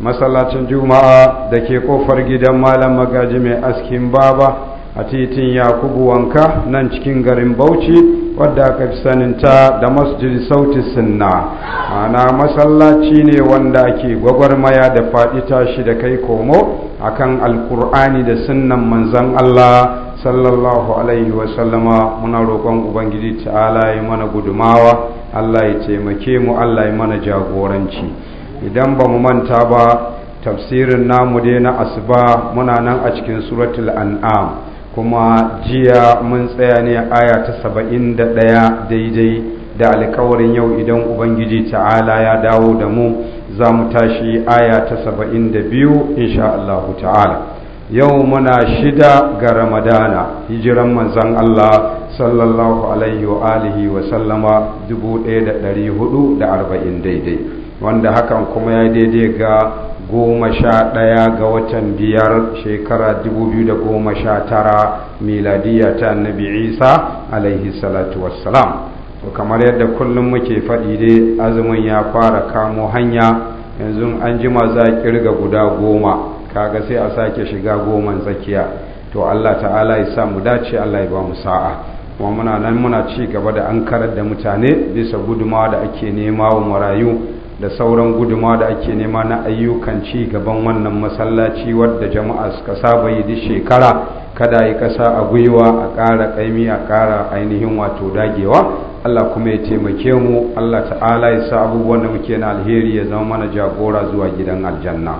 masallacin juma'a da ke kofar gidan malam magaji mai askin baba a titin yakubu wanka nan cikin garin bauchi wadda aka fi saninta da masjid sauti sinna ana masallaci ne wanda ake gwagwarmaya da faɗi tashi da kai komo akan alkur'ani da sunnan manzan Allah sallallahu alaihi wasallama muna roƙon ubangiji ta'ala ya mana gudumawa Allah ya taimake mu Allah ya mana jagoranci idan ba mu manta ba tafsirin namu dai na asuba muna nan a cikin suratul an'am kuma jiya mun tsaya ne aya ta saba'in da ɗaya daidai da alkawarin yau idan ubangiji ta'ala ya dawo da mu za mu tashi aya ta saba'in da biyu insha Allah ta'ala yau muna shida ga ramadana hijiran manzan Allah sallallahu alaihi wa alihi wa sallama arba'in daidai wanda hakan kuma ya daidai ga goma sha ɗaya ga watan biyar shekara dubu biyu da goma sha tara miladiya ta annabi isa alaihi salatu wassalam to kamar yadda kullum muke faɗi dai azumin ya fara kamo hanya yanzu an jima za a kirga guda goma kaga sai a sake shiga goman tsakiya to allah ta'ala ya sa mu dace allah ya ba mu sa'a kuma muna nan muna ci gaba da an karar da mutane bisa gudumawa da ake nema wa marayu da sauran guduma da ake nema na ayyukan ci gaban wannan masallaci wadda jama'a suka saba yi duk shekara kada yi kasa a gwiwa a ƙara ƙaimi a ƙara ainihin wato dagewa Allah kuma ya taimake mu Allah ta'ala ya sa abubuwan da muke na alheri ya zama mana jagora zuwa gidan aljanna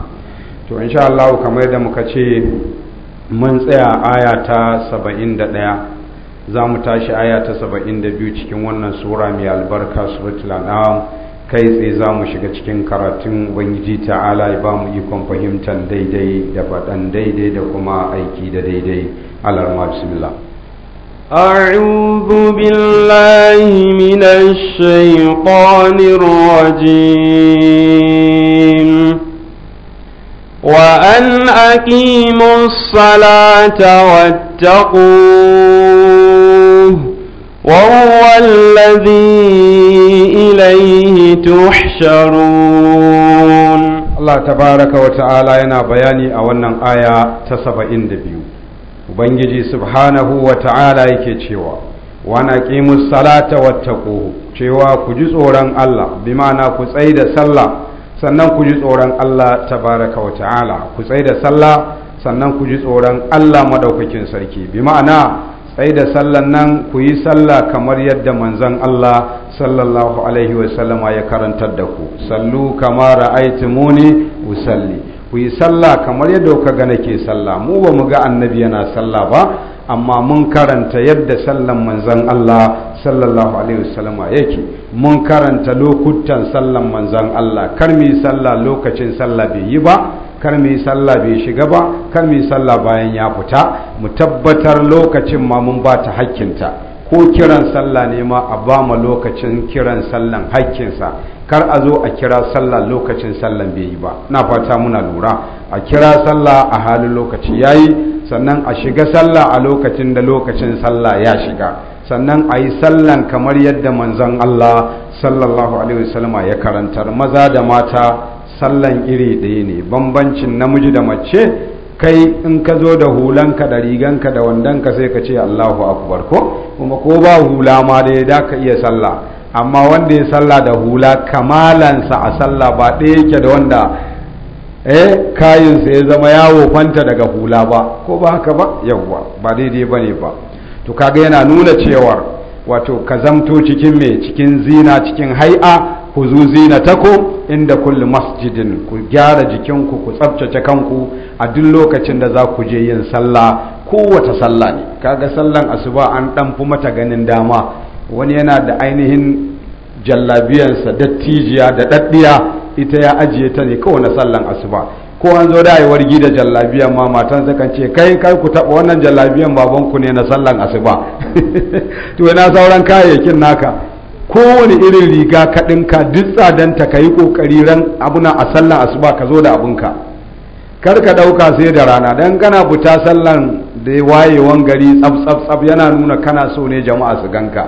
to insha Allah kamar da muka ce mun tsaya aya ta 71 za mu tashi aya ta biyu cikin wannan sura mai albarka suratul an'am kai tsaye za mu shiga cikin karatun ubangiji ta'ala ya ba mu ikon fahimtar daidai da faɗan daidai da kuma aiki da daidai alarma bismillah أعوذ بالله من الشيطان الرجيم وأن أقيموا الصلاة واتقوه وهو الذي تحشرون الله تبارك وتعالى ينا بياني أولا آية تسبع دبيو وبنجي سبحانه وتعالى يكيشيوا وانا قيموا salata واتقوه cewa ku ji tsoron Allah bi ma'ana ku tsaye da sallah sannan ku ji tsoron Allah tabaraka wa ta'ala ku tsaye da sallah sannan ku ji tsoron Allah madaukakin sarki bi ma'ana Sai da sallan nan ku yi sallah kamar yadda manzon Allah sallallahu alaihi wasallama ya karantar da ku sallu kama ra'aytumuni usalli ku yi sallah kamar yadda kuka ga nake salla mu ba mu ga annabi yana sallah ba amma mun karanta yadda sallan manzon Allah sallallahu alaihi wasallama yake mun karanta lokutan sallan manzon Allah kar mu yi sallah lokacin sallah bai yi ba kar mu sallah bai shiga ba kar mu sallah bayan ya fita mu tabbatar lokacin ma mun ba ta hakkinta ko kiran sallah ne ma a ba ma lokacin kiran sallan hakkinsa kar a zo a kira sallah lokacin sallan bai yi ba na fata muna lura a kira sallah a halin lokaci ya yi sannan a shiga sallah a lokacin da lokacin sallah ya shiga sannan a yi sallan kamar yadda manzon Allah sallallahu alaihi wasallama ya karantar maza da mata sallan iri ɗaya ne bambancin namiji da mace kai in ka zo da hulanka da riganka da wandonka sai ka ce Allahu akbar ko kuma ko ba hula ma dai da ka iya sallah amma wanda ya salla da hula kamalansa a salla ba ɗaya yake da wanda eh kayinsa ya zama yawo kwanta daga hula ba ko ba haka ba yawwa ba daidai ba ne ba to kaga yana nuna cewar wato ka zamto cikin me cikin zina cikin hai'a ku zuzi na tako inda kulli masjidin ku gyara jikinku ku tsabtace kanku a duk lokacin da za ku je yin sallah kowace sallah ne kaga sallan asuba an dan fi mata ganin dama wani yana da ainihin jallabiyansa dattijiya da daddiya ita ya ajiye ta ne kowane sallan asuba ko an zo yawar gida jallabiyan ma matan kan ce kai kai ku taɓa wannan jallabiyan babanku ne na sallan asuba to ina sauran kayayyakin naka kowane irin riga ka duk duk tsadanta ka yi ƙoƙari ran abuna a sallan asuba ka zo da abinka kar ka ɗauka sai da rana don kana fita sallan da wayewan gari tsaf yana nuna kana so ne jama'a su ganka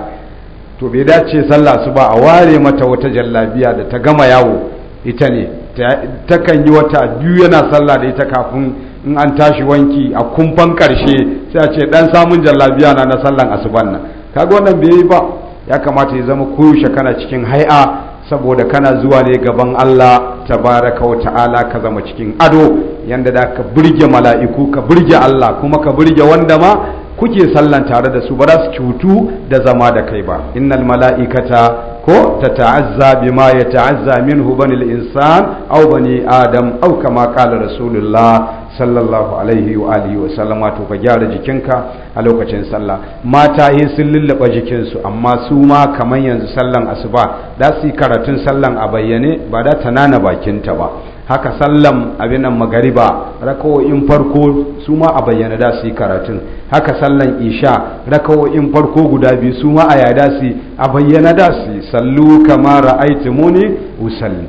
to bai dace su ba a ware mata wata jallabiya da ta gama yawo ita ne kan yi wata biyu yana sallah da ita kafin in an tashi wanki a kumfan karshe sai a ce ɗan samun jallabiya na na sallan asuban nan kaga wannan bai yi ba ya kamata ya zama koyaushe kana cikin hai'a saboda kana zuwa ne gaban Allah tabaraka wa ta'ala ka zama cikin ado yanda da ka burge mala'iku ka burge Allah kuma ka burge wanda ma kuke sallan tare da su ba za su cutu da zama da kai ba innal mala'ikata ko ta ta'azza bima ya ta'azza minhu bani al-insan aw bani adam aw kama qala rasulullah sallallahu alaihi wa alihi wa sallam to ka gyara jikinka a lokacin sallah mata yi sun lullaba jikinsu amma su ma kamar yanzu sallan asuba da su yi karatun sallan a bayyane ba da ta bakinta ba haka sallan abin nan magariba rakawoyin farko su ma a bayyana da su yi karatun haka sallan isha rakawoyin farko guda biyu su ma a yada su a bayyana da su sallu kamar ra'aiti muni usalli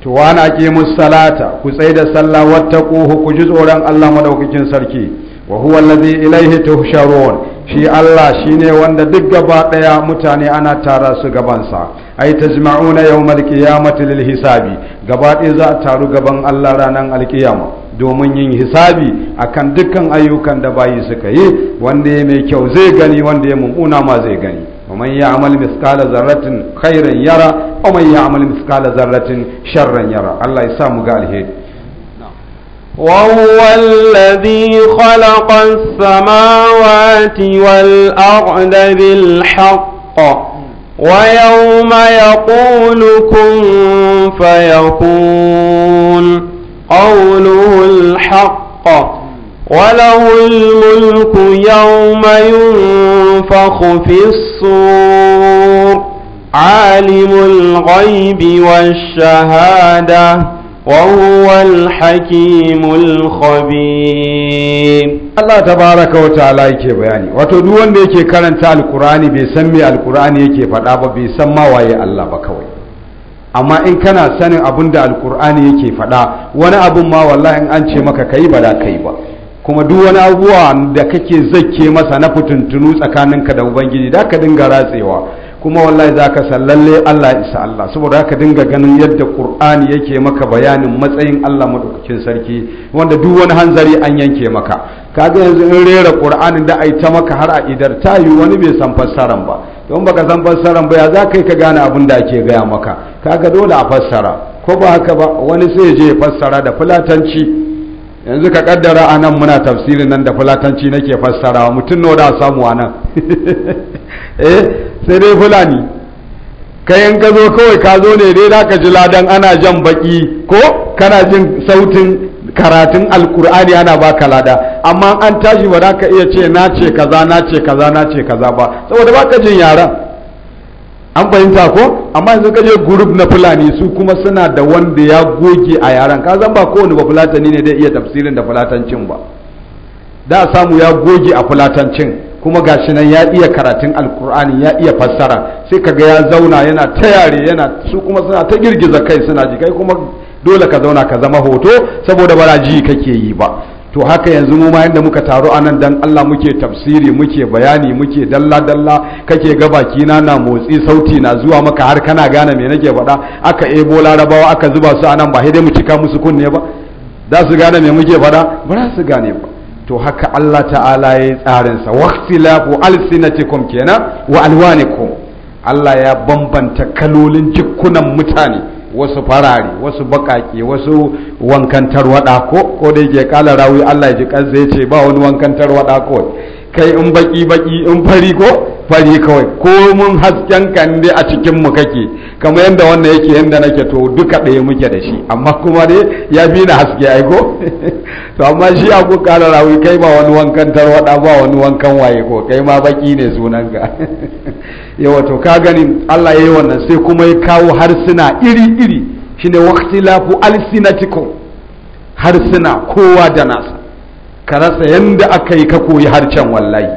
to wani ke musalata ku tsai da sallah wata ku ji tsoron allah madaukakin sarki wa huwa allazi ilaihi tuhsharun shi allah shine wanda duk gaba daya mutane ana tara su gabansa ai tajma'una yawmal qiyamati lil hisabi gaba ɗaya za a taru gaban Allah ranar alkiyama domin yin hisabi akan dukkan ayyukan da bayi suka yi wanda ya mai kyau zai gani wanda ya mummuna ma zai gani ومن يعمل مثقال ذرة خيرا يرى ومن يعمل مثقال ذرة شرا يرى الله يسامو قال هيك وهو الذي خلق السماوات والأرض بالحق ويوم يقول كن فيكون قوله الحق وله الملك يوم ينفخ في الصور عالم الغيب والشهاده وهو الحكيم الخبير الله تبارك وتعالى yake bayani wato duk wanda yake karanta alkurani bai san me alkurani yake faɗa ba bai san ma waye Allah ba kawai amma in kana sanin abin da alkur'ani yake faɗa wani abun ma wallahi in an ce maka kai ba da kai ba kuma duk wani abuwa da kake zakke masa na fitintunu tsakaninka da ubangiji da ka dinga ratsewa kuma wallahi za ka sallalle Allah isa Allah saboda haka dinga ganin yadda Qur'ani yake maka bayanin matsayin Allah madaukakin sarki wanda duk wani hanzari an yanke maka kaga yanzu in rera Qur'ani da ai ta maka har a idar ta yi wani bai san fassaran ba don baka san fassaran ba ya za kai ka gane abin da ake gaya maka kaga dole a fassara ko ba haka ba wani sai je ya fassara da fulatanci yanzu ka kaddara a nan muna tafsirin nan da fulatanci nake fassarawa mutum nawa da samu a nan eh sai dai fulani kayan ka zo kawai ka zo ne dai ka ji ladan ana jan baki ko kana jin sautin karatun alkur'ani ana ba ka lada amma an tashi ba za ka iya ce na ce kaza na ce kaza na ce kaza ba saboda ka jin yaran an fahimta ko amma yanzu ka je group na fulani su kuma suna da wanda ya goge a yaran ka zan ba kowane ba fulatani ne dai iya tafsirin da fulatancin ba da samu ya goge a fulatancin kuma gashi nan ya iya karatun alkur'ani ya iya fassara sai kaga ya zauna yana ta yare yana su kuma suna ta girgiza kai suna ji kai kuma dole ka zauna ka zama hoto saboda ba ji kake yi ba to haka yanzu mu ma yanda muka taru anan dan Allah muke tafsiri muke bayani muke dalla dalla kake ga baki na na motsi sauti na zuwa maka har kana gane me nake faɗa aka ebo larabawa aka zuba su anan nan ba dai mu cika musu kunne ba za su gane me muke faɗa ba za su gane ba to haka Allah ta'ala ya yi tsarinsa waqtilafu alsinatikum kenan wa alwanikum Allah ya bambanta kalolin jikunan mutane wasu farare wasu bakake wasu wankantar wada ko ko da yake kala rawi Allah ya ji kansa ya ce ba wani wankantar wada ko kai in baki baki in fari ko fari kawai ko mun hasken kan dai a cikin mu kake kamar yadda wannan yake yadda nake to duka ɗaya muke da shi amma kuma dai ya bi na haske aiko to amma shi ku kala rawi kai ba wani wankan tarwada ba wani wankan waye ko kai ma baki ne sunan ga yawa to ka gani Allah ya yi wannan sai kuma ya kawo harsuna iri iri shine waqtilafu alsinatikum harsuna kowa da nasa ka rasa yanda aka yi ka koyi harcen wallahi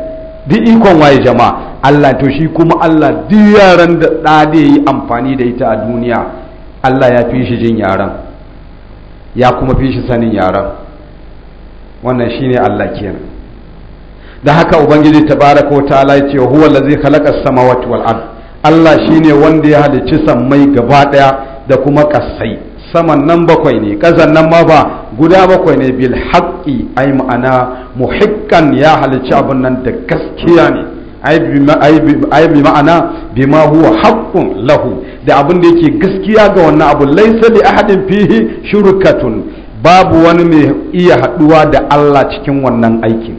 duk ikon waye jama'a Allah to shi kuma Allah duk yaran da ɗade da yi amfani da ita a duniya Allah ya fi shi jin yaran ya kuma fi shi sanin yaran wannan shi ne Allah kenan da haka ubangiji ta wa ce wa huwa zai khalaqa sama samawati wal ard Allah ne wanda ya halicci sammai gaba ɗaya da kuma kasai saman nan bakwai ne ƙasan nan ma ba guda bakwai ne bil haqqi ai ma'ana muhikkan ya halicci abin nan da gaskiya ne ai bi ma'ana bima huwa haqqun lahu da abin da yake gaskiya ga wannan abu laysa li ahadin fihi shurkatun babu wani mai iya haduwa da Allah cikin wannan aikin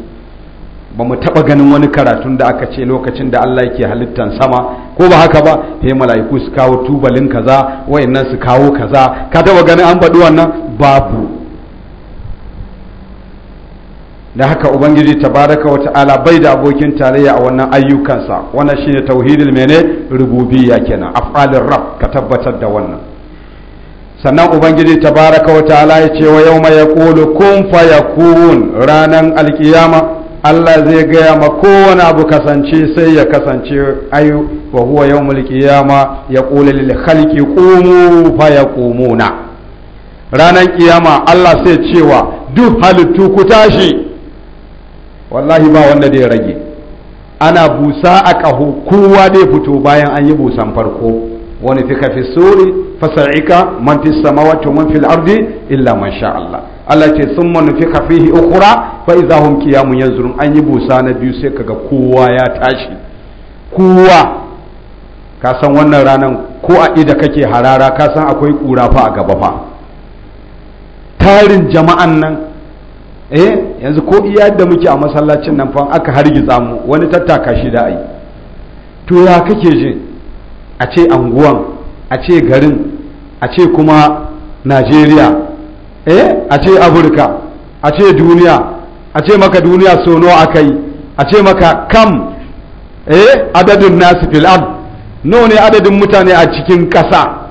ba mu taɓa ganin wani karatun da aka ce lokacin da Allah yake halittan sama ko ba haka ba sai mala'iku su kawo tubalin kaza wayannan su kawo kaza ka taba ganin an faɗi wannan babu da haka ubangiji tabaraka wa ta'ala bai da abokin tarayya a wannan ayyukansa wannan shine tauhidul mene rububiyya kenan af'alir rabb ka tabbatar da wannan sannan ubangiji tabaraka wa ta'ala ya ce wa yawma yaqulu kun fayakun ranan alqiyama Allah zai gaya ma kowane abu kasance sai ya kasance ayu wa huwa yawmul qiyama yaqulu lil khalqi qumu fayaqumuna ranan qiyama Allah sai cewa duk halittu ku tashi wallahi ba wanda zai rage ana busa a ƙaho kowa dai fito bayan an yi busan farko wani fi kafi sori fasa'ika man fi wato man fil ardi illa man sha Allah Allah ce sun man fika fihi ukura fa iza hum kiyamu yanzurun an yi busa na biyu sai kaga kowa ya tashi kowa ka san wannan ranan ko a ida kake harara ka san akwai kura fa a gaba fa tarin jama'an nan eh yanzu ko iya da muke a masallacin nan fa aka hargitsa mu wani tattaka shi da ai to ya kake jin a ce anguwan a ce garin a ce kuma najeriya eh a ce afirka a ce duniya a ce maka duniya sono aka akai a ce maka kam eh adadin nasu ard nawa ne adadin mutane a cikin ƙasa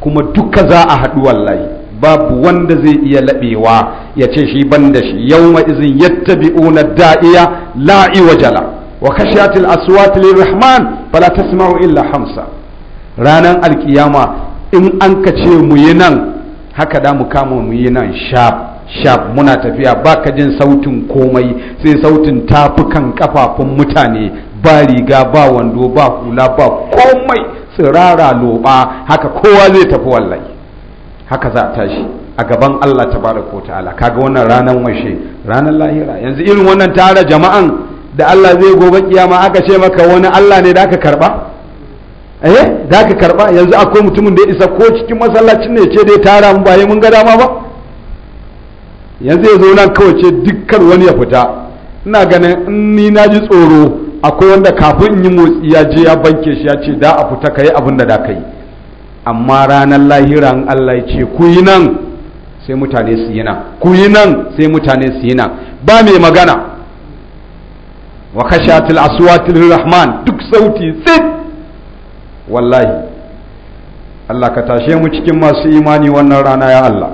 kuma duka za a haɗu wallahi babu wanda zai iya laɓewa ya ce shi ban da shi yau izin biuna da'iya la'i wajala wa kashiyatil aswati lirrahman fala tasma'u illa hamsa ranar alkiyama in an ka ce mu yi nan haka da mu kama mu yi nan shaf shaf muna tafiya ba ka jin sautin komai sai sautin tafukan kafafun mutane ba riga ba wando ba hula ba komai tsirara loba haka kowa zai tafi wallahi haka za a tashi a gaban Allah Ta bada ko ta'ala kaga wannan ranar washe ranar lahira yanzu irin wannan tara jama'an da Allah zai gobe kiyama aka ce maka wani Allah ne da aka karba eh da aka karba yanzu akwai mutumin da ya isa ko cikin masallacin ne ce da ya tara mu baye mun ga dama ba yanzu ya zo nan kawai ce dukkan wani ya fita ina ganin in ni na ji tsoro akwai wanda kafin in yi motsi ya je ya banke shi ya ce da a fita ka yi abin da da ka yi amma ranar lahiran Allah ya ce ku yi nan sai mutane su yi nan ku yi nan sai mutane su yi nan ba mai magana wa khashatil aswatil rahman duk sauti tsit wallahi Allah ka tashe mu cikin masu imani wannan rana ya Allah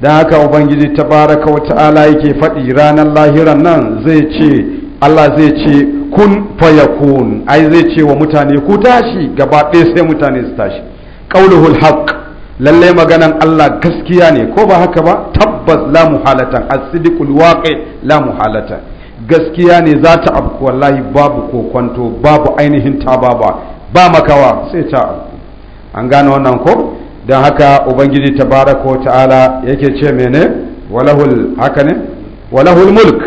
don haka ubangiji tabaraka wa ta'ala yake faɗi ranar lahiran nan zai ce Allah zai ce kun fayakun ai zai ce wa mutane ku tashi gaba ɗaya sai mutane su tashi qawluhu alhaq lallai maganan Allah gaskiya ne ko ba haka ba tabbas la muhalatan as-sidqul waqi la muhalatan gaskiya ne za ta abu wallahi babu kwanto babu ainihin ta ba ba makawa sai ta abu an gane wannan ko don haka ubangiji tabaraka wa ta'ala yake ce mene walahul haka ne walahul mulk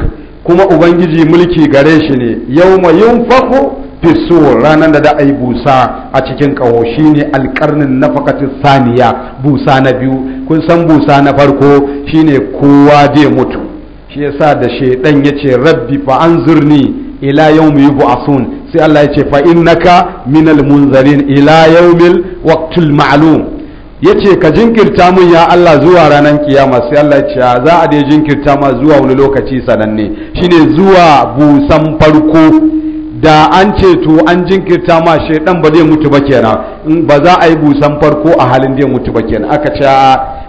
kuma ubangiji mulki gare shi ne yawma yunfaku fisur ranar da da a yi busa a cikin ƙaho shine alƙarnin nafakatin saniya busa na biyu kun san busa na farko shine kowa zai mutu shi yasa da shaidan ya ce rabbi fa an zurni ila yau mu yi sai Allah ya ce fa innaka minal munzarin ila yawmil waqtul ma'lum ya ce ka jinkirta mun ya Allah zuwa ranar kiyama sai Allah ce za a dai jinkirta ma zuwa wani lokaci sananne shine zuwa busan farko da an ce to an jinkirta ma shaidan ba zai mutu ba kenan in ba za a yi busan farko a halin zai mutu ba kenan aka ce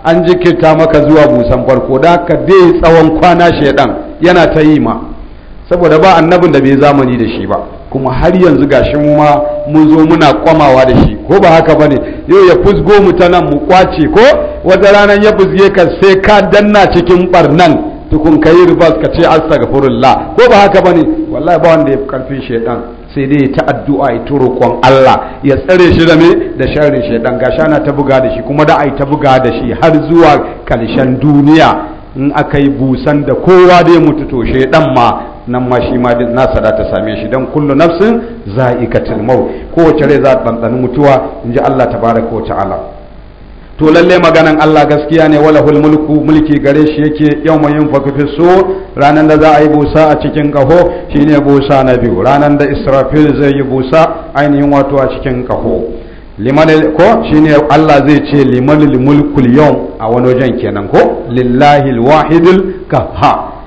an jinkirta maka zuwa busan farko da ka dai tsawon kwana shaidan yana ta yi ma saboda ba annabin da bai zamani da shi ba kuma har yanzu gashi mu ma mun zo muna kwamawa da shi ko ba haka bane yau ya fusgo mu ta nan mu kwace ko wata ranar ya fusge ka sai ka danna cikin barnan tukun yi ribas ka ce astaghfirullah ko ba haka bane wallahi ba wanda ya fi karfin shaydan sai dai ta addu'a ya turo kon Allah ya tsare shi da me da sharrin shaydan gasha na ta buga da shi kuma da ai ta buga da shi har zuwa kalshen duniya in aka yi busan da kowa da ya mutu to shaydan ma nan ma shi ma na da ta same shi dan kullu nafsin za'ikatul maut kowace rai za ta ɗanɗani mutuwa inji Allah tabaraka wa ta'ala to lalle maganan Allah gaskiya ne wala mulku mulki gare shi yake yau mai yin fi so ranan da za a yi busa a cikin kaho shine busa na biyu ranan da Israfil zai yi busa ainihin wato a cikin kaho liman ko shine Allah zai ce liman mulkul yawm a wani wajen kenan ko lillahi alwahidul qahhar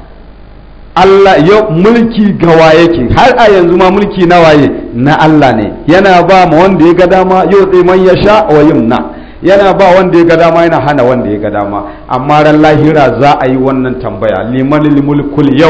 Allah yau mulki gawa yake har a yanzu ma mulki na waye na Allah ne yana ba ma wanda ya ga dama yau man ya sha wa yumna yana ba wanda ya ga dama yana hana wanda ya ga dama amma ran lahira za a yi wannan tambaya limanil mulkul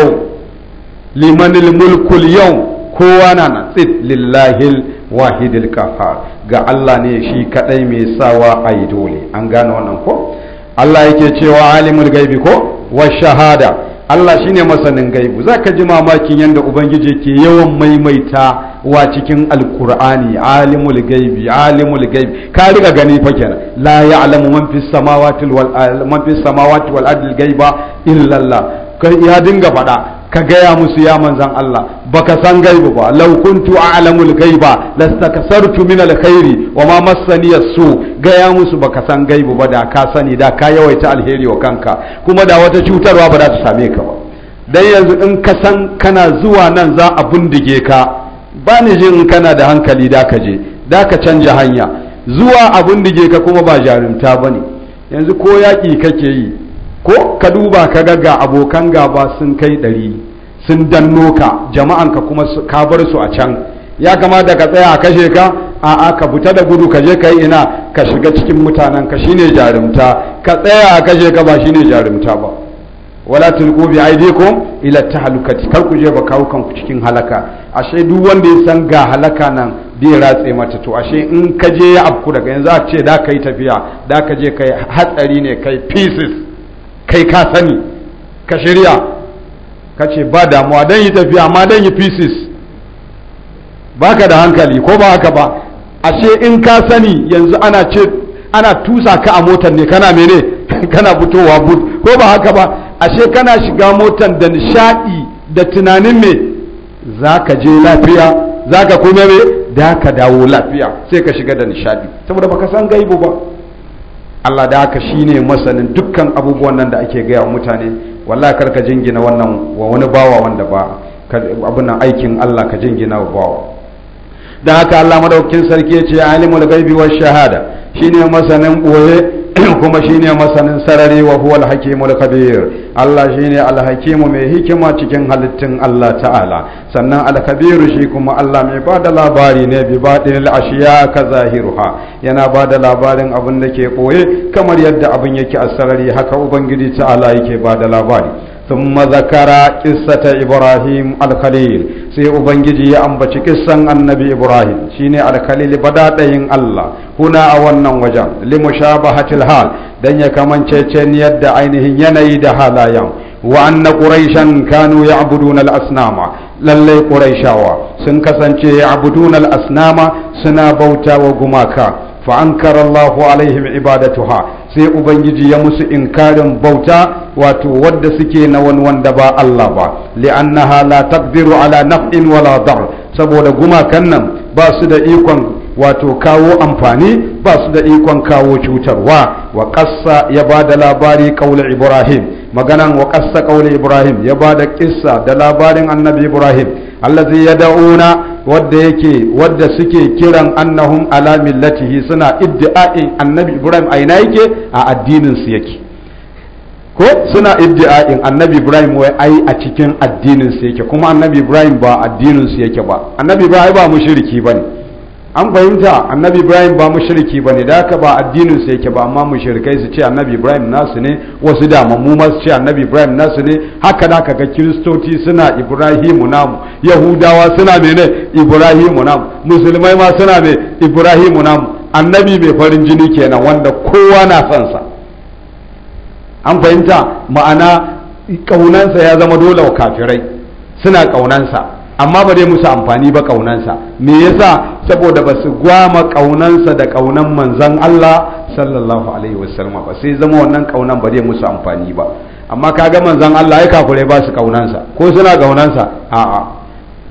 yau kowa na na tsit lillahil wahidil kafar ga Allah ne shi kadai mai sawa a yi dole an gane wannan ko Allah yake cewa alimul gaibi ko wa shahada Allah shine masanin gaibu zaka ji mamakin yadda ubangiji ke yawan maimaita wa cikin alkur'ani alimul gaibi alimul gaibi ka riga gani fa kenan la ya'lamu man fis samawati wal man fis samawati wal ardi gaiba illa Allah ya dinga faɗa ka gaya musu ya manzan Allah baka san gaibu ba law kuntu a'lamul gaiba lastakasartu min alkhairi wa ma massani su gaya musu baka san gaibu ba da ka sani da ka yawaita alheri wa kanka kuma da wata cutarwa ba za ta same ka ba dan yanzu in ka san kana zuwa nan za a bindige ka ba ni jin kana da hankali da ka je da ka canja hanya zuwa abin dige ka kuma ba jarumta ba ne yanzu ko yaƙi kake yi ko ka duba ka ga abokan gaba sun kai ɗari sun danno ka jama'anka kuma ka bar su a can ya kamata ka tsaya a kashe ka a'a ka fita da gudu ka je kai ina ka shiga cikin mutanen ka shine jarumta ka tsaya a kashe ka ba shine jarumta ba wala tulqu bi aydikum ila tahlukati kar ku je ba kawo kanku cikin halaka ashe duk wanda ya san ga halaka nan bai ratse mata to ashe in ka je ya afku daga yanzu a ce da ka yi tafiya da ka je kai hatsari ne kai pieces kai ka sani ka shirya ka ce ba damuwa don yi tafiya amma don yi pieces ba ka da hankali ko ba haka ba ashe in ka sani yanzu ana ce ana tusa ka a motar ne kana mene kana fitowa but ko ba haka ba ashe kana shiga motar da nishadi da tunanin me za ka je lafiya za ka kuma me da ka dawo lafiya sai ka shiga da nishadi saboda baka san gaibu ba Allah da haka shine masanin dukkan abubuwan nan da ake gaya wa mutane wallahi karka jingina wannan wa wani bawa wanda ba abin nan aikin Allah ka jingina wa bawa da haka Allah madaukakin sarki ya ce alimul gaibi wash shahada shine masanin boye kuma shine masanin sarari wa huwa al-hakimul kabir Allah shine al-hakimu mai hikima cikin halittun Allah ta'ala sannan al shi kuma Allah mai bada labari ne bi badil ashiya ka zahiruha yana ba da labarin abin da ke ɓoye kamar yadda abin yake a sarari haka ubangiji ta'ala yake bada labari ثم ذكر قصة إبراهيم الخليل سي أبنجي أنبتش قصة النبي إبراهيم شيني الخليل بداتين الله هنا أولنا وجن لمشابهة الحال دنيا كمان تشين يد عينه ينيد هذا يوم وأن قريشا كانوا يعبدون الأصنام للي قريشاوا سنكسن يعبدون الأصنام سنا بوتا وقماكا فأنكر الله عليهم عبادتها سي أبنجي يمس إنكار بوتا wato wadda suke na wani wanda ba Allah ba li'annaha la taqdiru ala naf'in wala dar saboda gumakan nan ba su da ikon wato kawo amfani ba su da ikon kawo cutarwa wa ƙassa ya ba da labari ƙaunar ibrahim maganan wa ƙassa ibrahim ya ba da ƙissa da labarin annabi ibrahim allazi ya da'una wadda yake wadda suke kiran annahum ala millatihi suna iddi'a'in annabi ibrahim a ina yake a addinin su yake ko suna in annabi ibrahim wai ai a cikin addinin su yake kuma annabi ibrahim ba addinin su yake ba annabi ibrahim ba mushriki bane an fahimta annabi ibrahim ba mushriki bane da haka ba addinin su yake ba amma mushrikai su ce annabi ibrahim nasu ne wasu da mu ma su ce annabi ibrahim nasu ne haka da kaga kiristoci suna ibrahimu namu yahudawa suna mene ibrahimu namu musulmai ma suna me ibrahimu namu annabi mai farin jini kenan wanda kowa na son sa an fahimta ma'ana ƙaunansa ya zama dole wa kafirai suna ƙaunansa amma ba zai musu amfani ba ƙaunansa me yasa saboda ba su gwama ƙaunansa da ƙaunan manzan Allah sallallahu alaihi wasallam ba sai zama wannan ƙaunan ba zai musu amfani ba amma kaga manzan Allah ya kafurai ba su ƙaunansa ko suna ƙaunansa a'a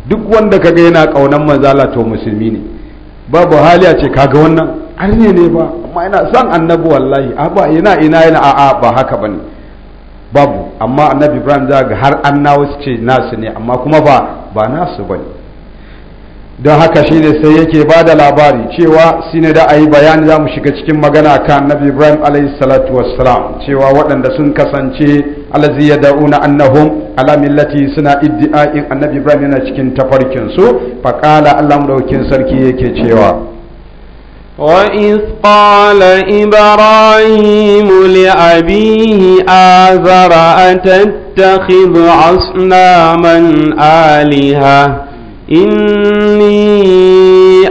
duk wanda kaga yana ƙaunan manzan Allah to musulmi ne babu hali a ce kaga wannan arne ne ba amma ina son annabi wallahi ba ina ina yana a'a ba haka bane babu amma annabi ibrahim za ga har annawa su ce nasu ne amma kuma ba ba nasu bane don haka shine sai yake ba da labari cewa shine da a yi bayani za mu shiga cikin magana kan annabi ibrahim alayhi salatu cewa waɗanda sun kasance alazi ya da'una annahum ala millati suna iddi'a'in annabi ibrahim yana cikin tafarkinsu faƙala allah mu sarki yake cewa وإذ قال إبراهيم لأبيه آذر أتتخذ أصناما آلهة إني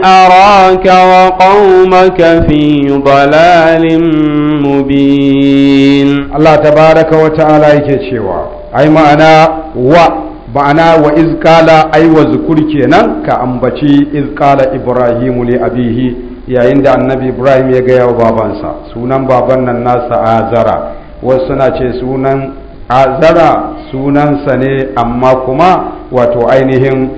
أراك وقومك في ضلال مبين الله تبارك وتعالى يكتشوا أي معنى و ma'ana wa izkala ai wa zukur kenan ka ambaci izkala ibrahimu li abihi yayin da annabi ibrahim ya gaya wa babansa sunan baban nan nasa azara wasu suna ce sunan azara sunansa ne amma kuma wato ainihin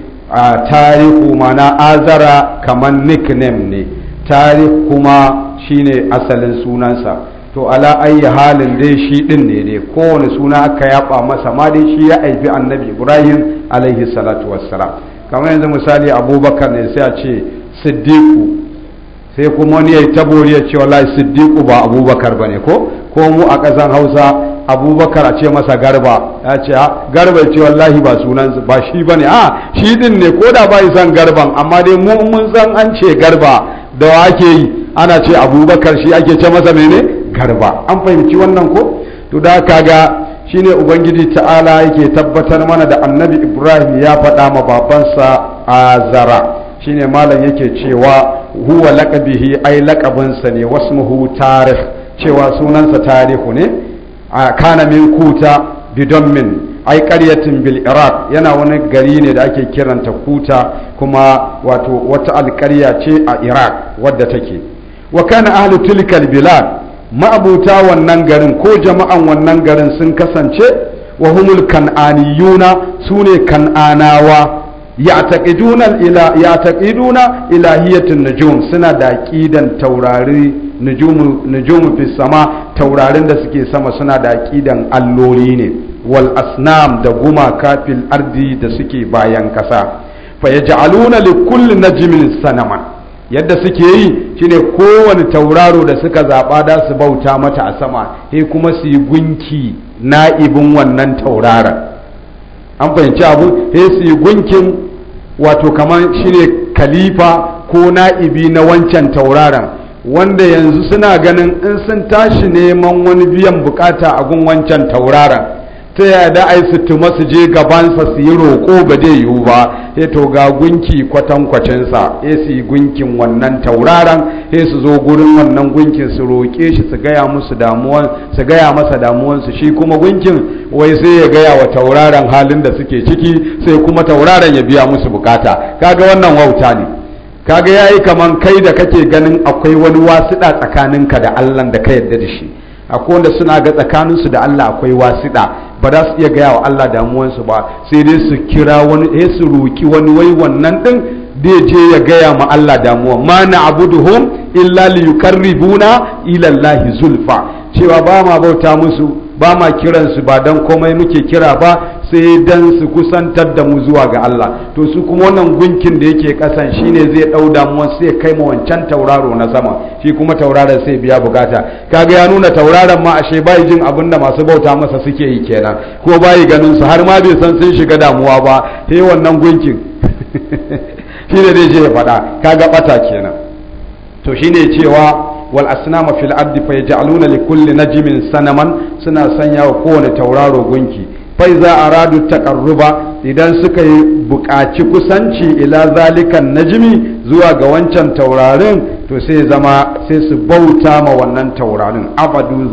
tarihu mana azara kamar nickname ne tarih kuma shine asalin sunansa to ala ayi halin dai shi din ne dai kowane suna aka yaba masa ma dai shi ya aifi annabi ibrahim alaihi salatu wassalam kamar yanzu misali abubakar ne sai a ce siddiqu sai kuma wani ya yi tabori ya ce wallahi siddiqu ba abubakar ba ne ko ko a ƙasar hausa abubakar a ce masa garba ya ce ah, garba ya ce wallahi ba sunan ba shi ba ne a ah, shi din ne ko da ba yi san garban amma dai mu mun san an ce garba da ake yi ana ce abubakar shi ake ce masa mene garba an fahimci wannan ko to da kaga shine ubangiji ta'ala yake tabbatar mana da annabi ibrahim ya faɗa ma babansa a azara shine malam yake cewa huwa laqabihi ai lakabinsa ne wasmuhu tarikh cewa sunansa tarihu ne kana min kuta bidammin ai karyatin bil iraq yana wani gari ne da ake kiranta kuta kuma wato wata alƙarya ce a iraq wadda take wa kana ahlu tilkal bilad ma'abuta wannan garin ko jama'an wannan garin sun kasance wa humul kan'aniyuna sune kan'anawa Ya ya'taqiduna ilahiyatin Nijom suna da ƙidan taurari Nijomu fi sama taurarin da suke sama suna da ƙidan alloli ne wal asnam da gumaka fil ardi da suke bayan ƙasa. fa ya yaj'aluna li kulli najmin sanama yadda suke yi shine kowane tauraro da suka zaɓa da su bauta mata a sama sai kuma su yi gunki na'ibin wannan tauraron an fahimci abu sai su yi gunkin wato kamar shi ne kalifa ko na'ibi na wancan tauraron wanda yanzu suna ganin in sun tashi neman wani biyan bukata a gun wancan tauraron ta yada ai su tuma su je gabansa su yi roƙo ba zai yiwu ba ya eh, to ga gunki kwatankwacinsa ya eh, su yi gunkin wannan tauraron ya eh, su zo gurin wannan gunkin su roƙe shi su gaya musu damuwan su gaya masa damuwansu shi kuma gunkin wai sai ya gaya wa tauraron halin da suke ciki sai kuma tauraron ya biya musu bukata kaga wannan wauta ne kaga yayi kaman kai da kake ganin akwai wani wasiɗa tsakaninka da Allah da ka yarda da shi akwai wanda suna ga tsakaninsu da Allah akwai wasiɗa ba za su iya gaya wa Allah damuwansu ba sai dai su kira wani sai eh, su roki wani wai wannan din zai je ya gaya ma Allah damuwa ma na na'buduhum illa liyuqarribuna ila Allah zulfa cewa ba ma bauta musu ba ma kiransu ba dan komai muke kira ba sai dan su kusantar da mu zuwa ga Allah to su kuma wannan gunkin da yake kasan shine zai dau damuwa sai kai mu wancan tauraro na sama shi kuma tauraron sai biya bukata kaga ya nuna tauraron ma ashe bai jin abin da masu bauta masa suke yi kenan ko bai ganin su har ma bai san sun shiga damuwa ba sai wannan gunkin shine dai je ya fada kaga bata kenan to shine cewa wal asnama fil ardi fayaj'aluna likulli najmin sanaman suna sanya wa kowane tauraro gunki faiza radu takarruba idan suka yi buƙaci kusanci ila zalikan najimi zuwa ga wancan taurarin to sai zama sai su bauta ma wannan taurarin abadu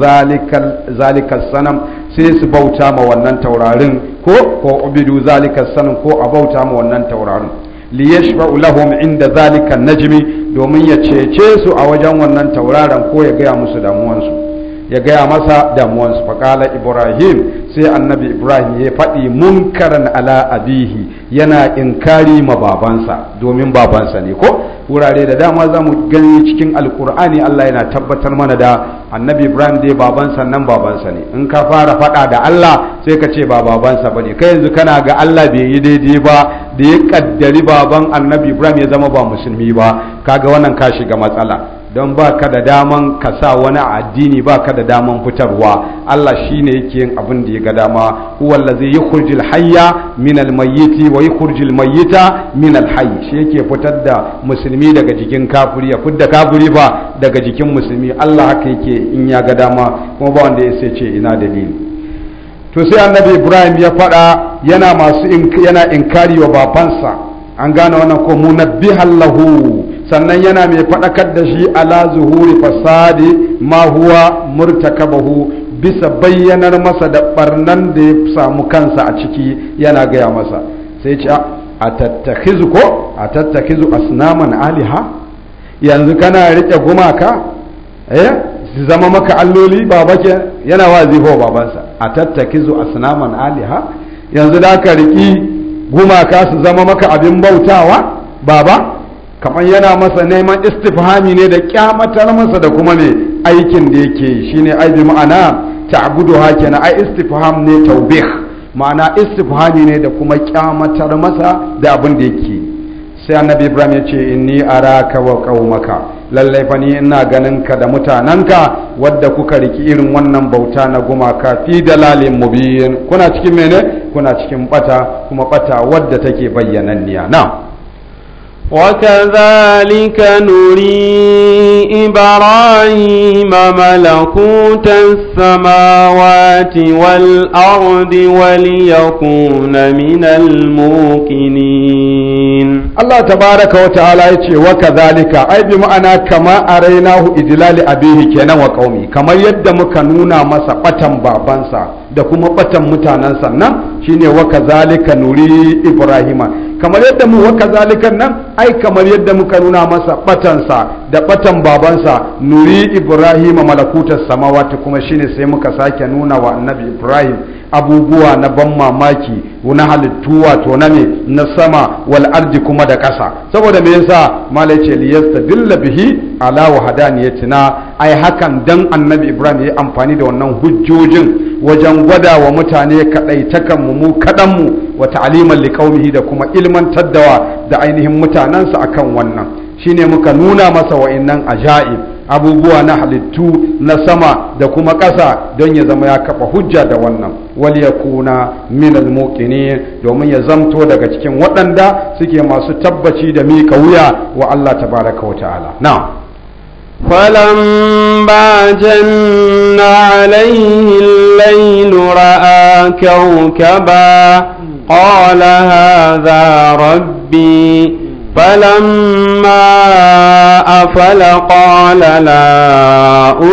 zalikan sanam sai su bauta ma wannan taurarin ko ko ubidu zalikan sanam ko a bauta ma wannan taurarin li yashfa'u lahum inda zalikan najmi domin ya cece su a wajen wannan tauraron ko ya gaya musu damuwansu ya gaya masa damuwansu faƙala ibrahim sai annabi ibrahim ya faɗi munkaran ala abihi yana inkari ma babansa domin babansa ne ko wurare da dama za mu gani cikin alkur'ani allah yana tabbatar mana da annabi ibrahim dai babansa nan babansa ne in ka fara faɗa da allah sai ka ce ba babansa ba ne kai yanzu kana ga allah bai yi daidai ba da ya kaddari baban annabi ibrahim ya zama ba musulmi ba kaga wannan ka shiga matsala don ba ka da daman ka sa wani addini ba ka da daman fitarwa Allah shi ne yake yin abin da ya ga dama huwalla zai yi kurjil hayya min almayyiti wa yi kurjil mayyita min alhayi shi yake fitar da musulmi daga jikin kafiri ya fitar da ba daga jikin musulmi Allah haka yake in ya ga dama kuma ba wanda ya ce ina dalili to sai annabi Ibrahim ya faɗa yana masu yana inkari wa babansa an gane wannan ko munabbihallahu sannan yana mai faɗakar da shi ala zuhuri fasadi ma huwa murtakabahu bisa bayyanar masa da barnan da ya samu kansa a ciki yana gaya masa sai ce a tattakizu ko a tattakizu asnaman aliha yanzu kana riƙe gumaka eh su zama maka alloli baba ke yana wazi ko babansa a tattakizu asnaman aliha yanzu da ka riƙi gumaka su zama maka abin bautawa baba kamar yana masa neman istifhami ne da kyamatar masa da kuma ne aikin da yake shi ne aibi ma'ana hake na ai istifham ne taubih ma'ana istifhami ne da kuma kyamatar masa da abin da yake sai annabi ibrahim ya ce inni araka wa qaumaka lallai fa ni ina ganin ka da mutananka wadda kuka riki irin wannan bauta na gumaka fi dalalin mubin kuna cikin mene kuna cikin bata kuma bata wadda take bayyananniya na وكذلك نري إبراهيم ملكوت السماوات والأرض وليكون من الموقنين الله تبارك وتعالى يتي وكذلك أي بمعنى كما أريناه إدلال أبيه كنا وقومي كما يدمك نونا مسقطا بابنسا da kuma batan mutanen sannan shine wa kazalika nuri ibrahima kamar yadda mu wa kazalikan nan ai kamar yadda muka nuna masa batansa da batan babansa nuri ibrahima malakutar samawati kuma shine sai muka sake nuna wa annabi ibrahim abubuwa na ban mamaki na halittu wato na na sama wal ardi kuma da ƙasa saboda me yasa malai ce dilla bihi ala wahadaniyatina ai hakan dan annabi ibrahim ya amfani da wannan hujjojin wajen gwada wa mutane kadai takanmu mu kadan mu wa ta'liman liqaumihi da kuma ilmantar da ainihin mutanansa akan wannan shine muka nuna masa wa'annan ajaib abubuwa na halittu na sama da kuma ƙasa don ya zama ya kafa hujja da wannan wal yakuna min al domin ya zamto daga cikin waɗanda suke masu tabbaci da mika wuya wa Allah tabaraka wa ta'ala na'am فلما جن عليه الليل رأى كوكبا قال هذا rabbi فلما أفل قال لا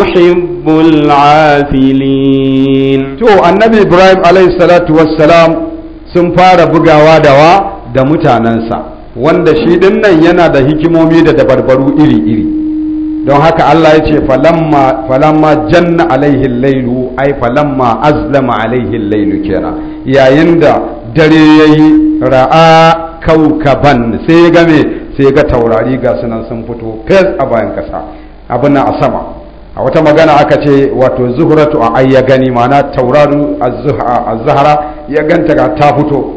أحب العافلين تو النبي إبراهيم عليه الصلاة والسلام سنفار بقاوا دوا دمتا ننسى wanda shi dinnan yana da hikimomi da dabarbaru iri-iri don haka Allah ya ce falamma janna alaihi lailu ai falamma azlama alaihi lailu kenan yayin da dare yayi ra'a kaukaban sai ya game sai ga taurari ga sunan sun fito fes a bayan kasa abin na a sama a wata magana aka ce wato zuhratu a ai ya gani mana tauraru a zahara ya ganta ga ta fito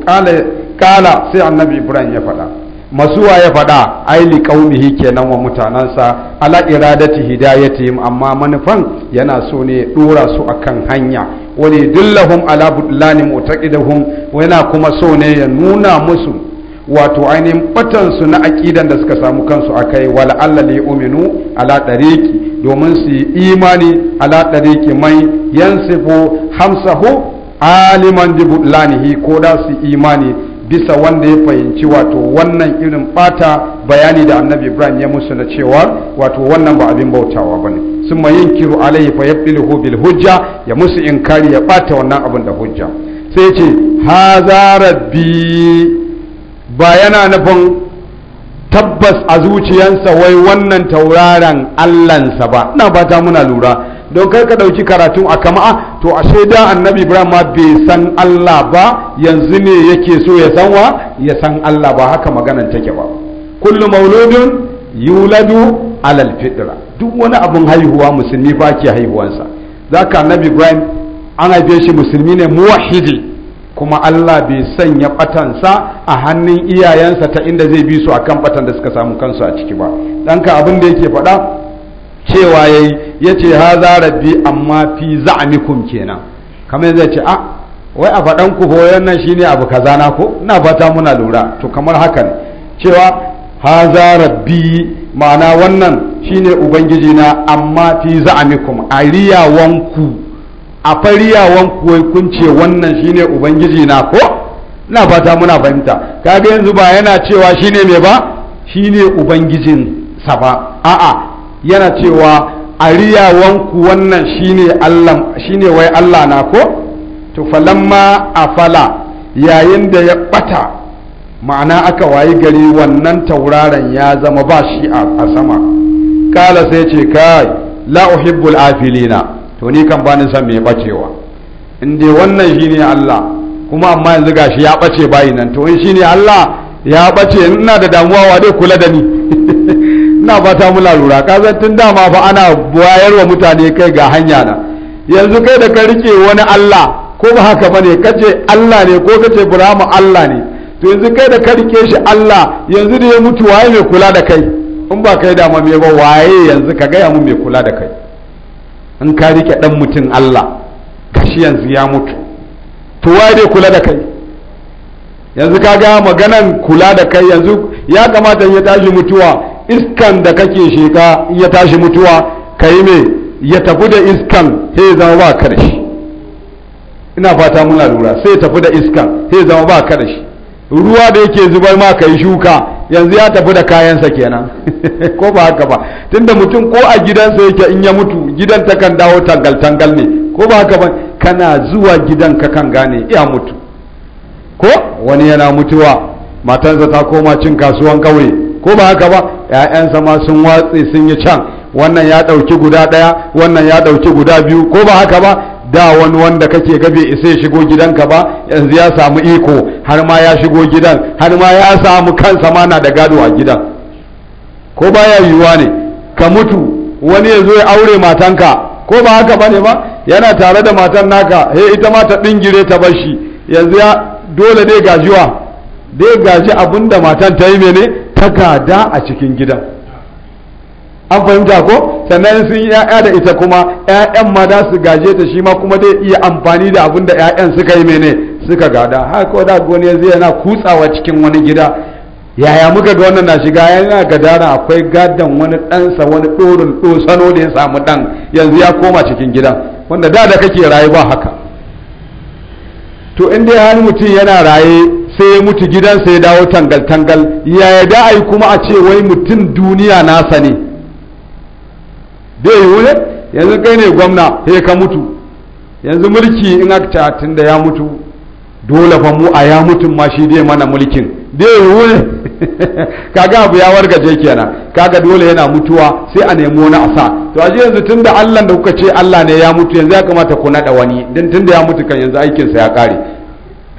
kala sai annabi ibrahim ya faɗa masuwa ya faɗa aili kaumihi kenan wa mutanansa ala iradati hidayatihim amma manufan yana so ne dora su akan hanya wani dillahum ala budlani mu'taqidahum yana kuma so ne ya nuna musu wato ainihin batansu na aƙidan da suka samu kansu a kai wala Allah li uminu ala ɗariki domin su yi imani ala ɗariki mai yansifu hamsahu aliman lanihi ko da su imani bisa wanda ya fahimci wato wannan irin bata bayani da annabi ibrahim ya musu na cewa wato wannan ba abin bautawa ba ne sun ma yin kiru alaihi fa yabdiluhu bil hujja ya musu inkari ya bata wannan abin da hujja sai ce haza rabbi ba yana nufin tabbas a zuciyansa wai wannan tauraron allansa ba ina ba ta muna lura don kai ka ɗauki karatu a kama'a to ashe da annabi ibrahim ma bai san allah ba yanzu ne yake so ya san wa ya san allah ba haka maganan take ba kullum mauludun yuladu alal fitra duk wani abin haihuwa musulmi ba ke haihuwansa zaka annabi ibrahim an haife shi musulmi ne muwahhidi kuma Allah bai sanya batansa a hannun iyayensa ta inda zai bi su akan batan da suka samu kansu a ciki ba ɗanka abin da yake faɗa cewa yayi yace haza rabbi amma fi za'mikum kenan kamar yanzu yace a ah, wai a faɗan ku hoyon nan shine abu kaza na ko ina fata muna lura to kamar haka ne cewa haza rabbi ma'ana wannan shine ubangiji na amma fi za'amikum a riyawanku a fariyawan kuwai kun ce wannan shine ubangiji na ko na fata muna fahimta kaga yanzu ba yana cewa shine me ba shine ubangijin sa ba a'a yana cewa a ku wannan shine Allah shine wai Allah na ko to falamma fala yayin da ya bata ma'ana aka wayi gari wannan tauraron ya zama ba shi a sama kala sai ce kai la uhibbul afilina to ni kan bani san me bacewa in dai wannan shine Allah kuma amma yanzu gashi ya bace bayi nan to in shine Allah ya bace ina da damuwa wa dai kula da ni ina ta mula lura. ka san tun dama fa ana wa mutane kai ga hanya na yanzu kai da ka rike wani Allah ko ba haka bane kace Allah ne ko kace Ibrahim Allah ne to yanzu kai da ka rike shi Allah yanzu da ya mutu waye mai kula da kai in ba kai dama me ba waye yanzu ka gaya mu mai kula da kai in ka rike dan mutum Allah gashi yanzu ya mutu to dai kula da kai yanzu ka ga maganan kula da kai yanzu ya kamata ya tashi mutuwa iskan da kake sheka ya tashi mutuwa kai me ya tafi da iskan he zama ba ka da shi ina fata muna lura sai ya tafi da iskan he zama ba ka da shi ruwa da yake zubar ma kai shuka yanzu ya tafi da kayansa kenan ko ba haka ba tunda mutum ko a gidansa yake in ya mutu gidan ta kan dawo tangal tangal ne ko ba haka ba kana zuwa gidan ka kan gane ya mutu ko wani yana mutuwa matansa ta koma cin kasuwan kauye ko ba haka ba ƴaƴansa ma sun watse sun yi can wannan ya ɗauki guda ɗaya wannan ya ɗauki guda biyu ko ba haka ba da wani wanda kake ga bai isa ya shigo gidanka ba yanzu ya samu iko har ma ya shigo gidan har ma ya samu kansa ma na da gado a gidan ko baya yiwuwa ne ka mutu wani ya zo ya aure matanka ko ba haka bane ba yana tare da matan naka he ita ma ta dingire ta bar shi yanzu ya dole ne gajiwa dai gaji abin da matan ta yi mene ta gada a cikin gidan an fahimta ko sannan sun yi 'yaya da ita kuma yayan ma da su gaje ta shi ma kuma zai iya amfani da abin da ƴaƴan suka yi mene suka gada har ko da goni yanzu yana kutsawa cikin wani gida yaya muka ga wannan na shiga yana gadara akwai gadan wani ɗansa wani ɗorin ɗosano da ya samu ɗan yanzu ya koma cikin gida wanda da da kake raye ba haka to in dai har mutum yana raye sai ya mutu gidansa ya dawo tangal-tangal yaya da a kuma a ce wai mutum duniya nasa ne bai yi ne yanzu kai ne gwamna sai ka mutu yanzu mulki in aka tun da ya mutu dole fa mu a ya mutu ma shi dai mana mulkin bai yi ne kaga abu ya wargaje kenan kaga dole yana mutuwa sai a nemo na asa to aje yanzu tunda Allah da kuka ce Allah ne ya mutu yanzu ya kamata ku nada wani dan tunda ya mutu kan yanzu aikin sa ya kare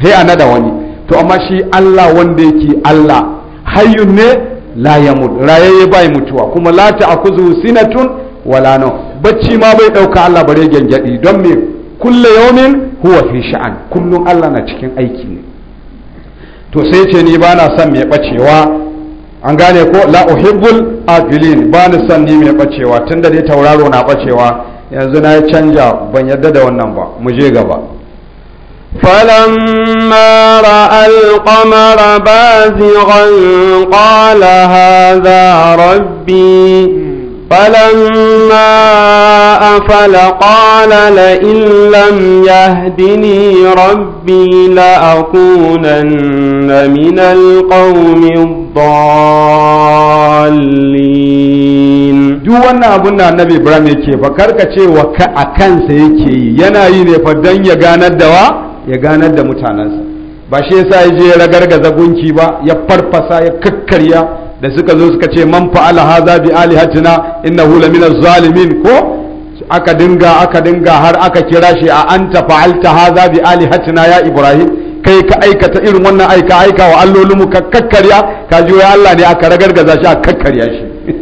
sai a nada wani to amma shi Allah wanda yake Allah hayyun ne la yamut rayayye bai mutuwa kuma la akuzu sinatun wala no bacci ma bai ɗauka Allah bare gyangyaɗi don me kulle yawmin huwa fi sha'an kullum Allah na cikin aiki ne to sai ce ni ba na son mai bacewa an gane ko la uhibbul abilin ba na son ni mai bacewa tunda dai tauraro na bacewa yanzu na canja ban yadda da wannan ba mu je gaba فلما رأى القمر بازغا قال هذا ربي فلما أفل قال لئن لم يهدني ربي لأكونن من القوم الضالين duk wannan abun da annabi Ibrahim yake fa karkace wa ka a kansa yake yi yana yi ne fa dan ya ganar da wa ya ganar da mutanansa ba shi yasa ya je ya ragargaza gunki ba ya farfasa ya kakkarya da suka zo suka ce man fa'ala hadha bi alihatina innahu lamina zalimin ko aka dinga aka dinga har aka kira shi a anta fa'alta hadha bi alihatina ya ibrahim kai ka aikata irin wannan aika aika wa allolinmu ka kakkarya ka ji Allah ne aka ragargaza shi a kakkarya shi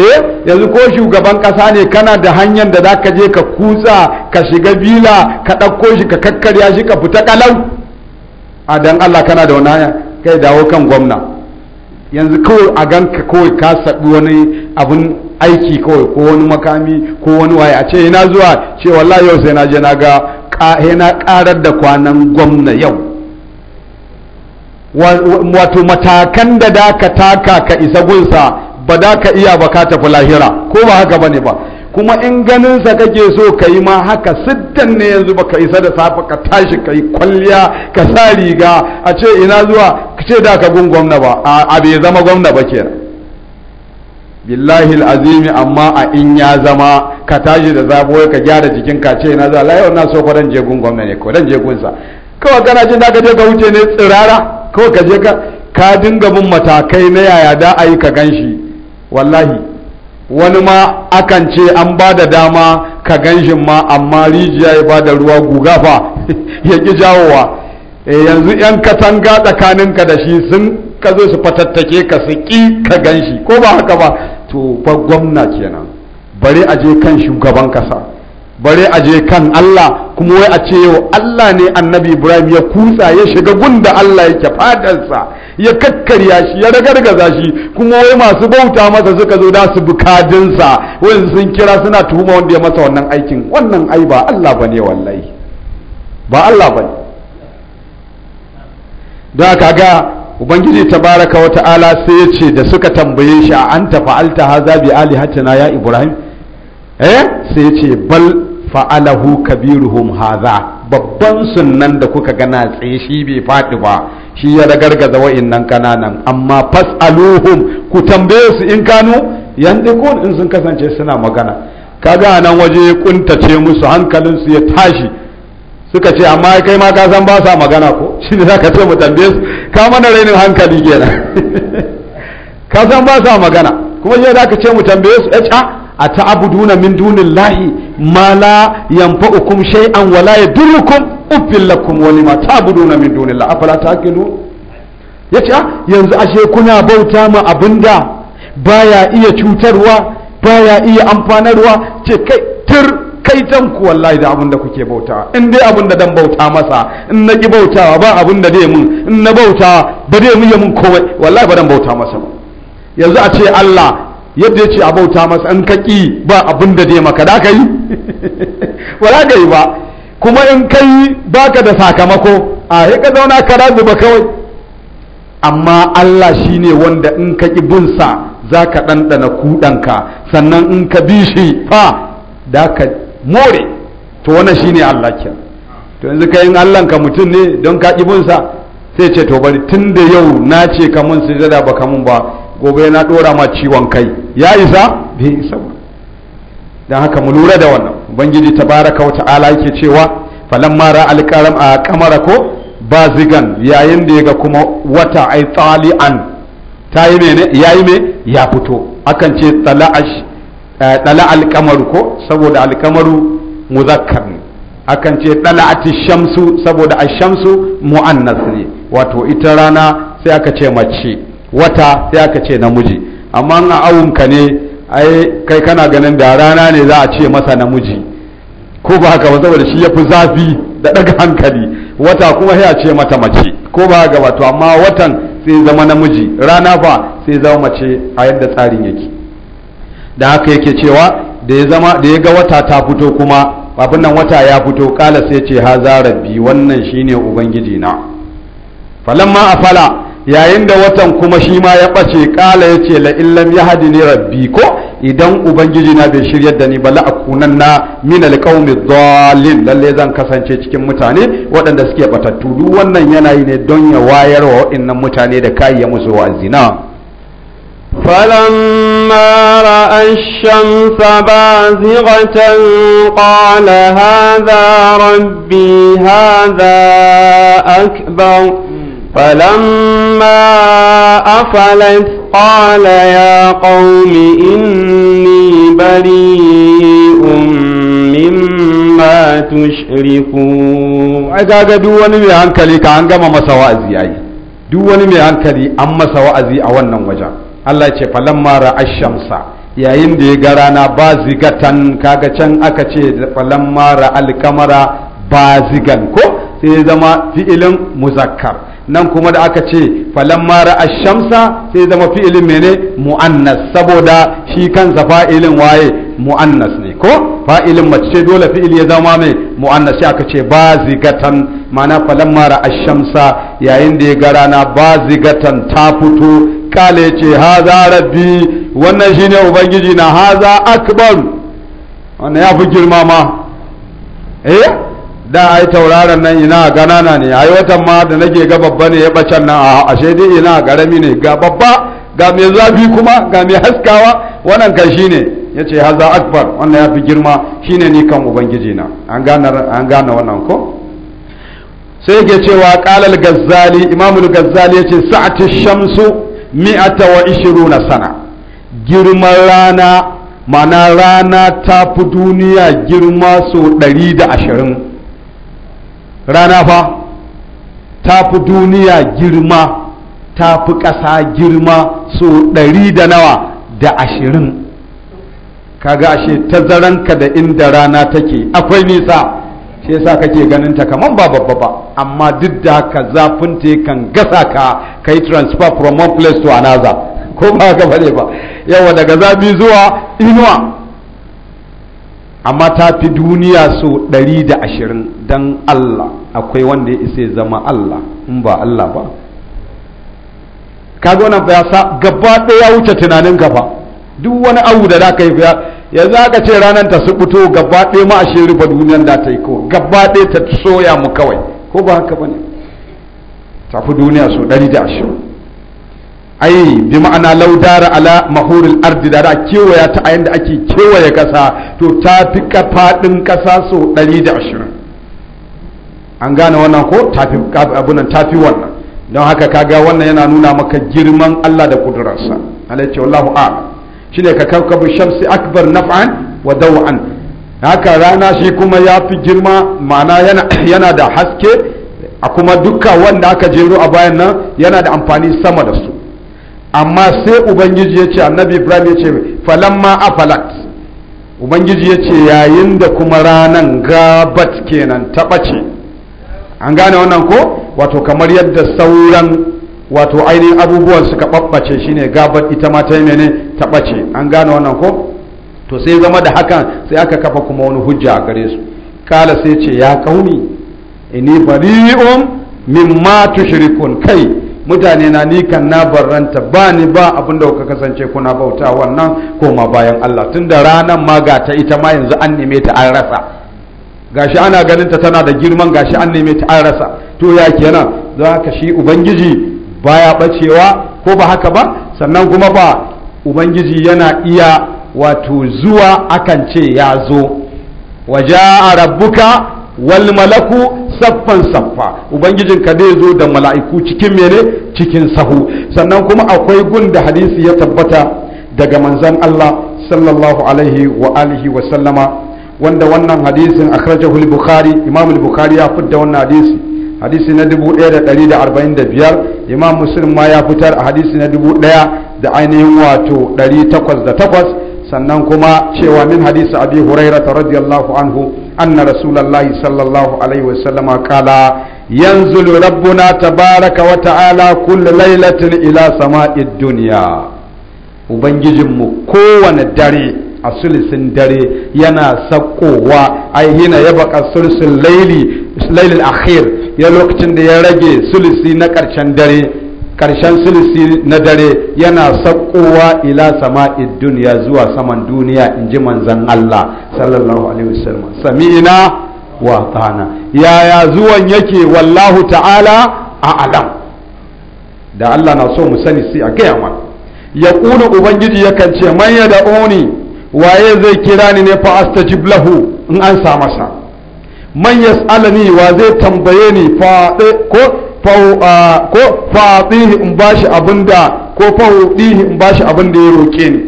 eh yanzu ko shugaban kasa ne kana da hanyar da zaka je ka kutsa ka shiga bila ka ɗauko shi ka kakkarya shi ka fita kalau a dan Allah kana da wani kai dawo kan gwamna yanzu kawai a ganka kawai ka saɓi wani abin aiki kawai ko wani makami ko wani waye a ce yana zuwa ce wallahi yau sai na je na ga yana karar da kwanan gwamna yau wato matakan da da ka taka ka isa gunsa ba da ka iya ba ka tafi lahira ko ba haka bane ba kuma in ganinsa kake so ka yi ma haka sittan ne yanzu baka isa da safe ka tashi ka yi kwalliya ka sa riga a ce ina zuwa ka ce da ka gun gwamna ba a bai zama gwamna ba ke billahi azimi amma a in ya zama ka tashi da zabo ka gyara jikin ka ce ina zuwa lai wannan so ko dan je gun gwamna ne ko dan je gunsa kawai kana jin da ka je ka wuce ne tsirara kawai ka je ka ka dinga bin matakai na yaya da ayi ka ganshi wallahi wani ma akan ce an ba da dama ka ganshin ma amma rijiya ya ba da ruwa guga fa ya ƙi jawowa eh, yanzu 'yan katanga tsakaninka da shi sun ka zo su fatattake ka su ƙi ka ganshi ko ba haka ba to fa gwamna kenan bari a je kan shugaban kasa bare a je kan Allah kuma wai a ce yau Allah ne annabi Ibrahim ya kutsa ya shiga gunda Allah yake fadarsa ya kakkarya shi ya ragargaza shi kuma wai masu bauta masa suka zo da su bukadinsa wai sun kira suna tuhuma wanda ya masa wannan aikin wannan ai ba Allah bane wallahi ba Allah bane da kaga ubangiji tabaraka wa ta'ala sai ya ce da suka tambaye shi a anta fa'alta haza bi alihatina ya Ibrahim eh sai ya ce bal fa'alahu kabiruhum haza babban sunan da kuka gana tsaye shi bai faɗi ba shi ya ragargaza wa'innan kananan amma fas'aluhum ku tambaye su in kanu yandiqun in sun kasance suna magana kaga nan waje ya kuntace musu hankalin su ya tashi suka ce amma kai ma ka san ba sa magana ko shi ne za ka ce mu tambaye su ka mana rainin hankali kenan ka san ba sa magana kuma shi ne za ka ce mu tambaye su eh a ta'abuduna min dunillahi ma la yanfa'ukum shay'an wa la yadurrukum uffil lakum wa lima ta'buduna min dunillahi afala Ya yace yanzu ashe kuna bauta ma abinda baya iya cutarwa baya iya amfanarwa ce kai tur kai ku wallahi da abinda kuke bauta in dai abinda dan bauta masa in na ki bautawa ba abinda dai mun in na bauta ba dai mun ya mun komai wallahi ba dan bauta masa ba yanzu a ce Allah yadda ya ce a bauta masa in ka ba abin da dai maka da ka yi ba za ka yi ba kuma in ka yi ba ka da sakamako a ya ka zauna ka ba kawai amma Allah shi ne wanda in ka ƙi bunsa za ka ɗanɗana kuɗanka sannan in ka bi shi fa da ka more to wannan shi ne Allah ke to yanzu ka yin Allah ka mutum ne don ka ƙi bunsa sai ce to bari tun da yau na ce ka mun sujada ba ka mun ba gobe na dora ma ciwon kai ya isa bai isa ba dan haka mu lura da wannan ubangiji tabaraka wa ta'ala yake cewa Falan mara alkaram a kamara ko zigan yayin da ga kuma wata ay ta yi mene yi me ya fito akan ce tala'ash dala eh, alkamaru ko saboda alkamaru muzakkar ne akan ce dala'ati shamsu saboda a shamsu mu'annas ne wato ita rana sai aka ce mace wata sai aka ce namiji amma a awunka ne ai kai kana ganin da rana ne za a ce masa namiji ko ba haka ba saboda shi ya fi zafi da daga hankali wata kuma sai a ce mata mace ko ba haka ba to amma watan sai zama namiji rana ba sai zama mace a yadda tsarin yake da haka yake cewa da ya zama da ya ga wata ta fito kuma abin nan wata ya fito kala sai ce haza rabbi wannan shine ubangiji na falamma afala yayin da watan kuma shi ma ya ɓace ƙala ya ce la'illam ya haɗi rabi rabbi ko idan ubangiji na bai shirya da ni ba la'akunan na min alƙaumi dalil lalle zan kasance cikin mutane waɗanda suke batattu duk wannan yanayi ne don ya wayar wa waɗannan mutane da kai ya musu wa'azi zina فلما رأى الشمس بازغة قال هذا ربي هذا أكبر فلما فلما أفلت قال يا قوم إني بريء مما تشركون أجاga duk wani mai hankali ka an gama masa wa'azi yayi duk wani mai hankali an masa wa'azi a wannan wajen Allah ya ce falamma ra'a shamsa yayin da ya ga rana ba zigatan kaga can aka ce falamma ra'a alkamara ba zigan ko sai zama fi'ilin muzakkar nan kuma da aka ce falamma ra'a shamsa sai zama fi'ilin mene mu'annas saboda shi kansa fa'ilin waye mu'annas ne ko fa'ilin mace ce dole fi'il ya zama mai mu'annas sai aka ce bazigatan ma'ana falamma ra'a shamsa yayin da ya ga rana bazigatan ta fito kale ce haza rabbi wannan shine ubangiji na haza akbar wannan ya fi girma ma eh da ai tauraron nan ina ganana ne ai watan ma da nake ga babba ne ya bacan nan a ashe dai ina karami ne ga babba ga mai zafi kuma ga mai haskawa wannan kan shine yace haza akbar wannan ya fi girma shine ni kan ubangiji na an gane an wannan ko sai ke cewa qalal gazzali imamul gazzali yace sa'atu shamsu mi'ata wa ishiruna sana girman rana mana rana ta fi duniya girma so ɗari da ashirin rana fa ta fi duniya girma ta fi ƙasa girma so ɗari da nawa da ashirin kaga ashe zaranka da inda rana take akwai nisa shi yasa kake ganin ta kaman ba babba ba amma duk da haka zafin ta kan gasa ka kai transfer from one place to another ko ba haka bane ba yawa daga zafi zuwa inuwa amma ta fi duniya so ɗari da ashirin don Allah akwai wanda ya isa zama Allah in ba Allah ba kaga wannan ya sa gaba ɗaya wuce tunanin gaba duk wani abu da zaka yi ya za ka ce ranar ta su fito gaba ɗaya ma ashe riba duniyar da ta yi kawai gaba ɗaya ta soya mu kawai ko ba haka ba ne fi duniya so ɗari da ashirin ai bi ma'ana laudara ala mahuril ardi da da kewaya ta ayin da ake kewaye kasa to ta fi faɗin kasa so 120 an gane wannan ko tafi abunan tafi wannan don haka kaga wannan yana nuna maka girman Allah da kudurarsa alaihi wallahu shi shine ka kawkabu shamsi akbar naf'an wa daw'an haka rana shi kuma ya fi girma ma'ana yana yana da haske a kuma duka wanda aka jero a bayan nan yana da amfani sama da su amma sai ubangiji ya ce annabi ibrahim ya ce a afalat ubangiji ya ce yayin da kuma ranan gabat kenan ta ce an gane wannan ko wato kamar yadda sauran wato ainihin abubuwan suka ɓaɓɓace shine gabat ita ma ta yi mene ta ce an gane wannan ko to sai zama da hakan sai aka kafa kuma wani hujja a gare su kala sai ce ya kauni ini bari'un mimma tushrikun kai mutane na nikan na baranta ba ni ba abin da kuka kasance kuna bauta wannan koma bayan Allah tun da ranar ma ga ta ita ma yanzu an neme ta an rasa gashi ana ganin ta tana da girman gashi an neme ta an rasa to ya kenan za ka shi ubangiji baya bacewa ko ba haka ba sannan kuma ba ubangiji yana iya wato zuwa akan ce ya zo waja rabbuka wal malaku saffan saffa ubangijin ka dai zo da mala'iku cikin mene cikin sahu sannan kuma akwai gun da hadisi ya tabbata daga manzon Allah sallallahu alaihi wa alihi wa sallama wanda wannan hadisin akhrajahu al-bukhari imam al-bukhari ya fitta wannan hadisi hadisi na 1145 imam muslim ma ya fitar a hadisi na 1000 da ainihin wato 808 sannan kuma cewa min hadisi abi hurairata radiyallahu anhu anna rasulullahi sallallahu alaihi wasallama kala yanzulu rabbuna tabaraka wa ta'ala kullu lailatin ila sama'id dunya ubangijinmu kowane dare a sulisin dare yana sakkowa aihina ya baka sulisin laili lailil akhir ya lokacin da ya rage sulisi na ƙarshen dare karshen silisi na dare yana saƙowa ila sama'id duniya zuwa saman duniya in ji manzan Allah sallallahu alaihi wasallam sami'ina wa ta'ana yaya zuwan yake wallahu ta'ala a alam da Allah na so mu sani sai a gaya ya ƙuna ubangiji yakan ce man ya da'uni waye zai kira ni ne fa astajib lahu in an sa masa man yas'alani wa zai tambaye ni fa eh, ko ko fa'atihi in bashi da ko fa'udihi in abin da ya roke ni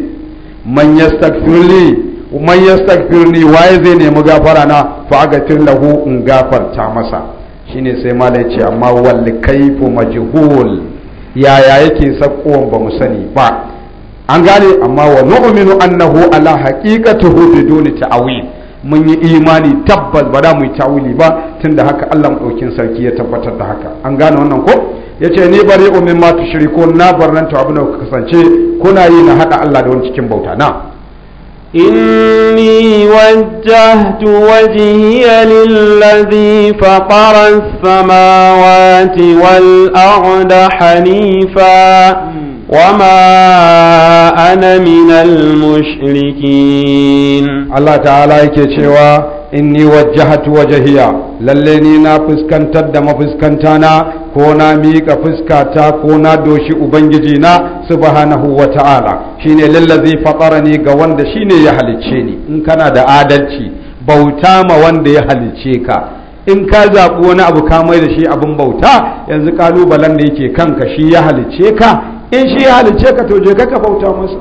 man yastaghfirli man waye zai nemi gafara na fa lahu in gafarta masa shine sai mala ce amma wal kaifu majhul yaya yake sakkowan ba mu sani ba an gane amma wa nu'minu annahu ala haqiqatihi biduni ta'wil mun yi imani tabbas ba da mu tawuli tawili ba da haka Allah madaukin sarki ya tabbatar da haka an gane wannan ko ya ce ni bari umin ma ko na barnan abin da kuka kasance kuna yi na hada Allah da wani cikin bauta na إني وجهت وجهي للذي samawati wal والأرض hanifa. Hmm. وما أنا من المشركين الله تعالى يكتشوا إني وجهت وجهي للني نا فسكنتر دم فسكنتانا كونا ميك فسكاتا كونا دوشي أبنججينا سبحانه وتعالى شيني للذي فطرني قواند شيني يحلتشيني إن كان دا آدلتي بوتام واند يحلتشيكا in ka zaɓi wani abu ka mai da shi abin bauta yanzu ƙalubalen da yake kanka shi ya halicce ka in shi ya halice ka to je ka bauta masa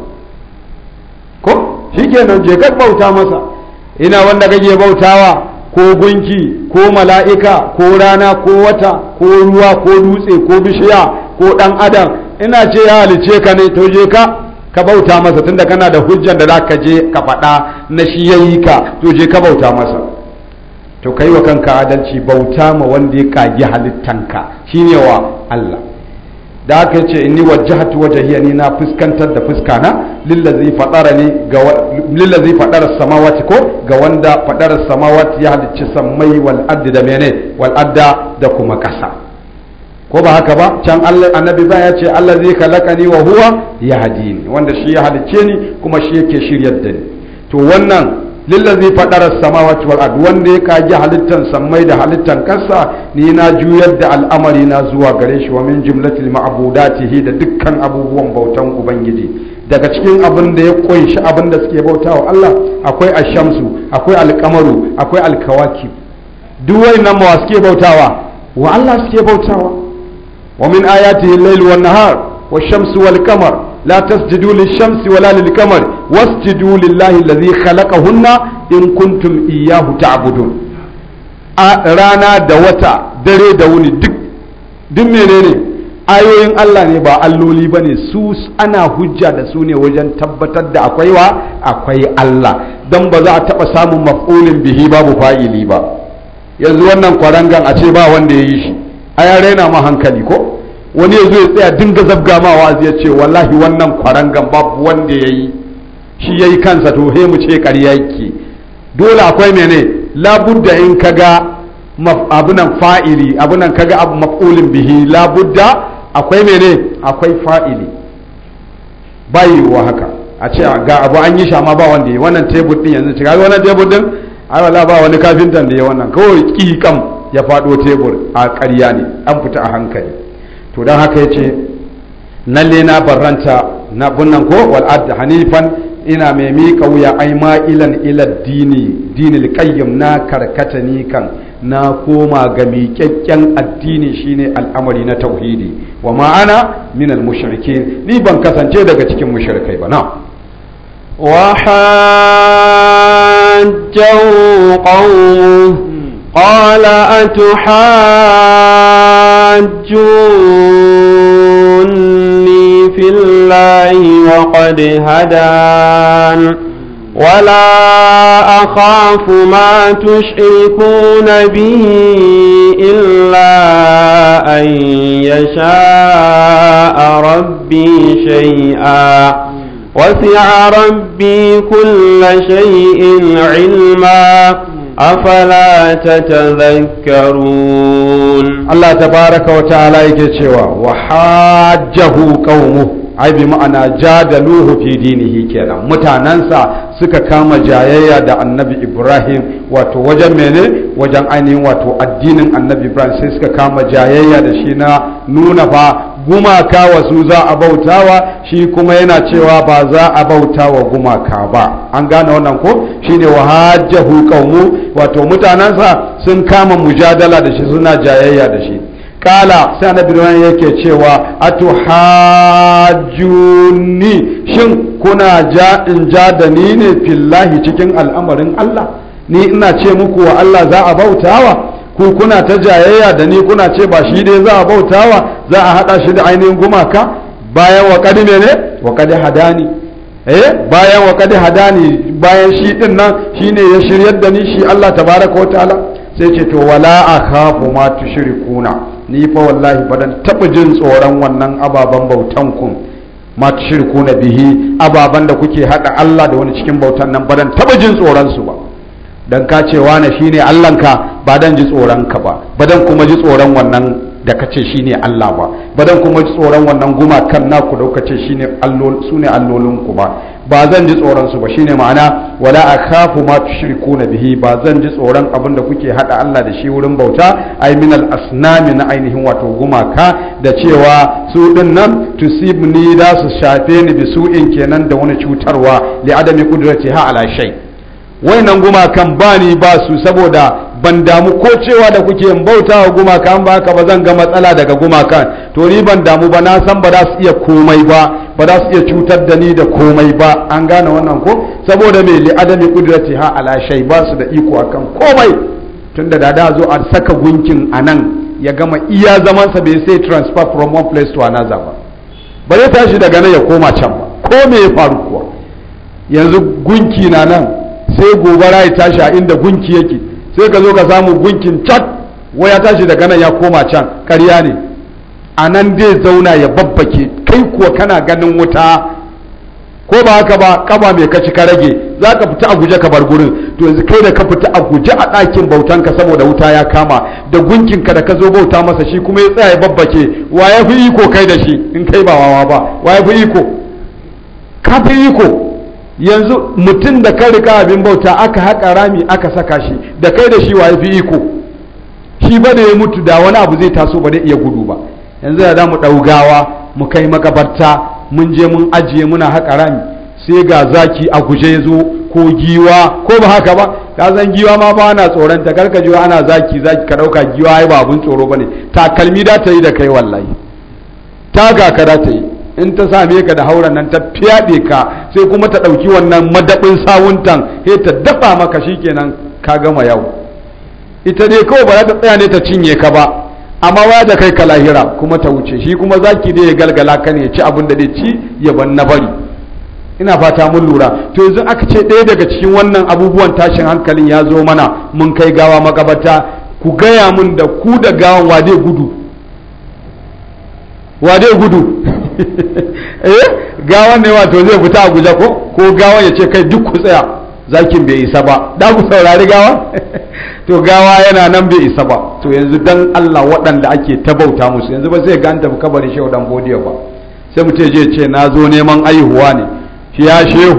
ko shi je ka bauta masa ina wanda kake bautawa ko gunki ko mala'ika ko rana ko wata ko ruwa ko dutse ko bishiya ko dan adam ina ce ya halice ka ne to je ka ka bauta masa tunda kana da hujjan da zaka je ka faɗa na shi yayi ka to je ka bauta masa to kai wa kanka adalci bauta ma wanda ya kagi halittanka shine wa Allah da aka ce inni wajjahatu wajhiya ni na fuskantar da fuska na lillazi ga fadara samawati ko ga wanda fadara samawati ya halicci sammai wal da mene wal da kuma kasa ko ba haka ba can annabi ba ya ce allah zai allazi khalaqani wa huwa ya yahdini wanda shi ya halicce ni kuma shi yake shiryar da ni to wannan lillazi fadara samawati wal ard wanda ya kaji halittan sammai da halittan kasa ni na juyar da al'amari na zuwa gare shi wa min jumlatil ma'budatihi da dukkan abubuwan bautan ubangiji daga cikin abin da ya kunshi abin da suke bautawa Allah akwai ashamsu akwai alkamaru akwai alkawaki duk wayannan ma suke bautawa wa Allah suke bautawa wa min ayatihi al-lail wan nahar wash-shamsu wal-qamar la tasjudu shamsi wala lilqamar wasjudu lillahi allazi hunna in kuntum iyyahu ta'budun a rana da wata dare da wuni duk ayoyin Allah ne ba alloli bane su ana hujja da su ne wajen tabbatar da akwai wa akwai Allah dan ba za a taɓa samun maf'ulin bihi babu fa'ili ba yanzu wannan kwarangan a ce ba wanda ya yi shi a ya raina ma hankali ko wani ya zo ya tsaya dinga zabga ma wa ya ce wallahi wannan kwarangan babu wanda ya yi shi ya yi kansa to he mu ce ƙarya yake dole akwai mene labudda in kaga abunan fa'ili abunan kaga abu maf'ulin bihi labudda akwai mene akwai fa'ili wa haka a ce ga abu an yi ma ba wanda ya wannan tebur din yanzu cika wannan tebur din ai wala ba wani kafintan da ya wannan kawai ƙiƙam ya faɗo tebur a ƙarya ne an fita a hankali to don haka ya ce lalle na barranta na bunnan ko wal'adda hanifan ina mai mika wuya ai ilan ilan dini dini qayyim na karkata ni kan na koma ga miƙaƙƙen addini shine al'amari na tauhidi wa ma'ana minal al ni ban kasance daga cikin mushrikai ba na wa hajjahu hmm. qala atuha تحجوني في الله وقد هدان ولا أخاف ما تشركون به إلا أن يشاء ربي شيئا وسع ربي كل شيء علما أفلا تتذكرون Allah تبارك وتعالى يكتشوا yake cewa wa ai bi ma'ana jadaluhu fi dinihi kenan mutanansa suka kama jayayya da annabi Ibrahim wato wajen mene wajen ainihin wato addinin annabi Ibrahim sai suka kama jayayya da shi na nuna fa gumaka wasu za a bautawa shi kuma yana cewa ba za a bautawa gumaka ba an gane wannan ko shine wa hajjahu qaumu wato mutanensa sun kama mujadala da shi suna jayayya da shi kala sai birnin yake cewa atuhajjuni shin kuna ja in ja da ni ne fillahi cikin al'amarin Allah ni ina ce muku wa Allah za a bautawa ku kuna ta jayayya da ni kuna ce ba shi dai za a bautawa za a hada shi da ainihin gumaka bayan wa kadi ne wa kadi hadani eh bayan wa kadi hadani bayan shi din nan shine ya shiryar da ni shi Allah tabaraka wa ta'ala sai ce to wala akhafu ma tushrikuna ni fa wallahi badan taba jin tsoron wannan ababan bautan ku ma tushrikuna bihi ababan da kuke hada Allah da wani cikin bautan nan badan taba jin tsoron su ba dan ka ce wane shine Allahnka ba dan ji tsoron ka ba ba dan kuma ji tsoron wannan da kace shine Allah ba ba dan kuma ji tsoron wannan gumakan naku da kace shine allol sune allolin ku ba ba zan ji tsoron su ba shine ma'ana wala akhafu ma na bihi ba zan ji tsoron abin da kuke hada Allah da shi wurin bauta ai min al asnami na ainihin wato gumaka da cewa su din nan tusibni da su shafe ni bi bisu'in kenan da wani cutarwa li adami qudratiha ala shay wayannan gumakan bani ba su saboda ban damu ko cewa da kuke bauta wa gumakan ba haka ba zan ga matsala daga gumaka to ni ban damu ba na san ba za su iya komai ba ba za su iya cutar da ni da komai ba an gane wannan ko saboda me li adami qudrati ha ala shay ba su da iko akan komai tunda da da zo a saka gunkin anan ya gama iya zamansa bai sai transfer from one place to another ba ba zai tashi daga nan ya koma can ba ko me ya faru kuwa yanzu gunki na nan sai gobara ya tashi a inda gunki yake sai ka zo ka samu gunkin cat waya tashi daga nan ya koma can ƙarya ne a nan dai zauna ya babbake kai kuwa kana ganin wuta ko ba haka ba kaba mai kaci ka rage za ka fita a guje ka bar gurin to yanzu kai da ka fita a guje a ɗakin bautan ka saboda wuta ya kama da gunkin ka da ka zo bauta masa shi kuma ya tsaya ya babbake wa ya fi iko kai da shi in kai ba wawa ba wa ya fi iko ka fi iko yanzu mutum da ka rika abin bauta aka haƙa rami aka saka shi da kai da shi wa ya fi iko shi ba da ya mutu da wani abu zai taso ba da iya gudu ba yanzu da mu ɗaugawa mu kai makabarta mun je mun ajiye muna haƙa rami sai ga zaki a guje zo ko giwa ko ba haka ba ka san giwa ma ba ana tsoron ta giwa ana zaki zaki ka ɗauka giwa ai ba abin tsoro ba ne takalmi da ta yi da kai wallahi ta ga ka da ta yi in ta same ka da hauren nan ta fyaɗe ka sai kuma ta ɗauki wannan madabin sawuntan sai ta dafa maka kenan ka gama yau ita ne kawai ba za ta tsaya ne ta cinye ka ba amma waya da kai ka lahira kuma ta wuce shi kuma zaki dai ya galgala ka ne ya ci abin da dai ci ya ban na bari ina fata mun lura to yanzu aka ce ɗaya daga cikin wannan abubuwan tashin hankalin ya zo mana mun kai gawa makabata ku gaya mun da ku da gawan wade gudu wade gudu eh gawan ne wato zai fita a guje ko ko gawan ya ce kai duk ku tsaya zakin bai isa ba da ku saurari gawa to gawa yana nan bai isa ba to yanzu dan Allah waɗanda ake ta bauta musu yanzu ba zai ganta ba kabari shehu dan godiya ba sai mutum je ce na zo neman aihuwa ne shi ya shehu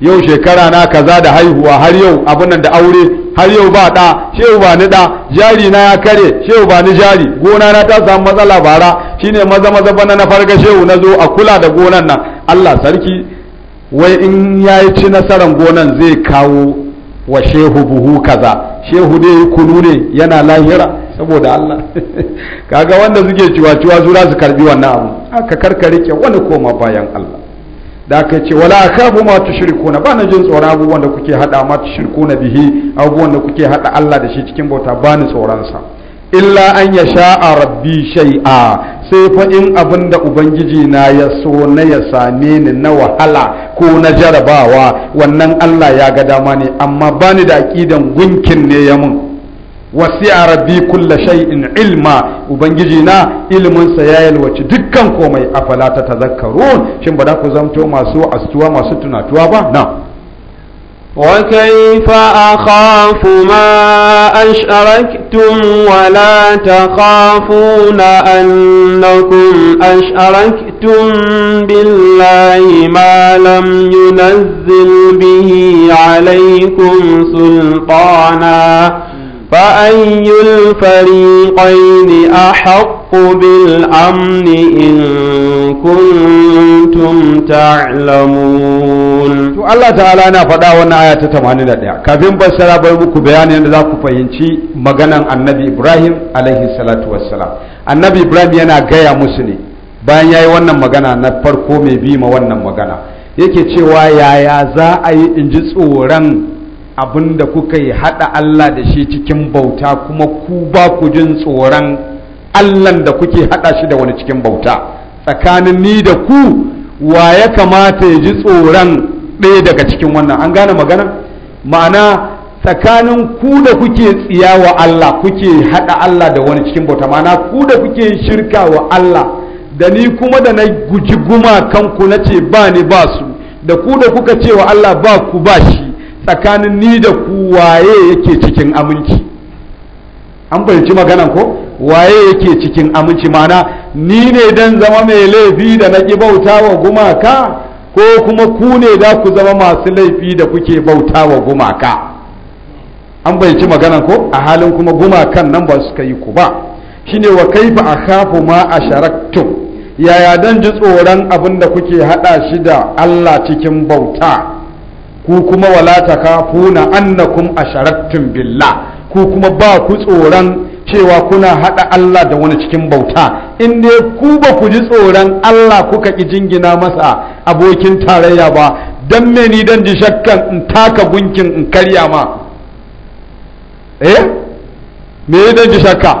yau shekara na kaza da haihuwa har yau abin nan da aure har yau ba ɗa shehu ba ni ɗa jari na ya kare shehu ba ni jari gona na ta samu matsala bara shine maza maza bana na farga shehu na zo a kula da gonan nan Allah sarki wai in ya yi ci nasarar gonan zai kawo wa shehu buhu kaza shehu dai kunu ne yana lahira saboda Allah kaga wanda suke ciwa-ciwa su za su karbi wannan abu aka karkare ke wani koma bayan Allah da aka ce wala akhafu ma tushrikuna ba na jin tsoron abubuwan da kuke hada ma tushrikuna bihi abubuwan da kuke hada Allah da shi cikin bauta ba ni tsoron sa illa an ya a rabbi shay'a sai fa in abin da ubangiji na ya so na ya same ni na wahala ko na jarabawa wannan Allah ya ga dama ne amma bani da aqidan gunkin ne ya mun wasi'a rabbi kulla shay'in ilma ubangiji na ilimin sa ya yalwaci dukkan komai afala ta tazakkarun shin ba da ku zamto masu astuwa masu tunatuwa ba na وكيف أخاف ما أشركتم ولا تخافون أنكم أشركتم بالله ما لم ينزل به عليكم سلطانا فأي الفريقين أحق بالأمن إن كنتم تعلمون to Allah ta'ala na faɗa wannan aya ta 81 kafin fassara bar muku bayanin da za ku fahimci maganan Annabi Ibrahim alaihi salatu wassalam Annabi Ibrahim yana gaya musu ne bayan yayi wannan magana na farko mai bi ma wannan magana yake cewa yaya za a yi in ji tsoron abin da kuka yi haɗa Allah da shi cikin bauta kuma ku ba ku jin tsoron Allahn da kuke haɗa shi da wani cikin bauta tsakanin ni da ku wa ya kamata ya ji tsoron ɗaya daga cikin wannan an gane magana ma'ana tsakanin ku da kuke tsiya wa Allah kuke haɗa Allah da wani cikin bauta ma'ana ku da kuke shirka wa Allah da ni kuma da na guji gumakanku na ce ba ni ba su da ku da kuka ce wa Allah ba ku ba shi tsakanin ni da ku waye yake cikin aminci an fahimci maganan ko waye yake cikin aminci mana ni ne dan zama mai laifi da na ƙi bauta wa gumaka ko kuma ku ne da ku zama masu laifi da kuke bauta wa gumaka an bayyaci maganan ko a halin kuma gumakan nan ba ka yi ku ba shine wa kaifa akhafu ma asharaktum yaya dan ji tsoron abin da kuke hada shi da Allah cikin bauta ku kuma wala takafuna annakum asharaktum billah ku kuma ba ku tsoron cewa kuna haɗa Allah da wani cikin bauta in dai ku ba ku ji tsoron Allah kuka ki jingina masa abokin tarayya ba dan me ni dan ji shakkan in taka gunkin in karya ma eh me ni dan ji shakka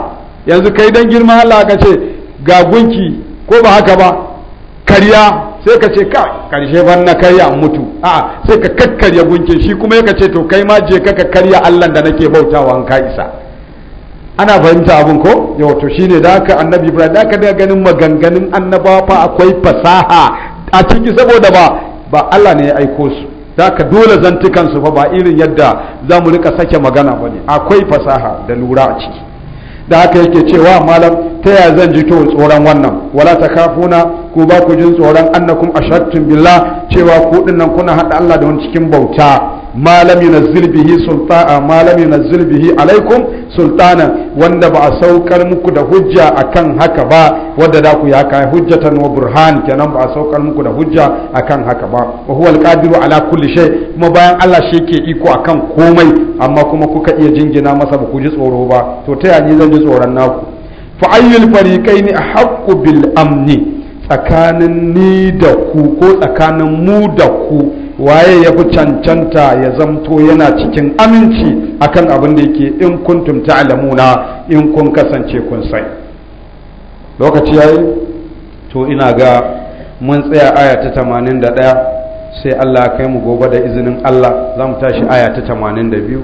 yanzu kai dan girma Allah ka ce ga gunki ko ba haka ba karya sai ka ce ka karshe ban na karya mutu a sai ka kakkarya gunkin shi kuma yaka ce to kai ma je ka karya Allah da nake bautawa an ka isa ana fahimta abin ko yau to shine da haka annabi Ibrahim da ka da ganin maganganun annaba fa akwai fasaha a cikin saboda ba ba Allah ne ya aiko su da ka dole zantukan su fa ba irin yadda zamu rika sake magana bane akwai fasaha da lura a ciki da haka yake cewa malam ta yaya zan ji to tsoron wannan wala ta kafuna ku ba ku jin tsoron annakum ashadtum billah cewa ku dinnan kuna hada Allah da wani cikin bauta ma lam yunazzil bihi sultana ma lam yunazzil bihi alaikum sultana wanda ba a saukar muku da hujja akan haka ba wanda da ku ya kai hujjatan wa burhan kenan ba a saukar muku da hujja akan haka ba wa huwa alqadiru ala kulli shay kuma bayan Allah shi ke iko akan komai amma kuma kuka iya jingina masa ba ku ji tsoro ba to ta yaya zan ji tsoron naku fa ayyul fariqaini ahqqu bil amni tsakanin ni da ku ko tsakanin mu da ku waye ya fi cancanta ya zamto yana cikin aminci akan abin da yake in kuntum ta'lamuna in kun kasance kun sai lokaci yayi to ina ga mun tsaya aya ta 81 sai Allah kai mu gobe da izinin Allah za mu tashi aya ta 82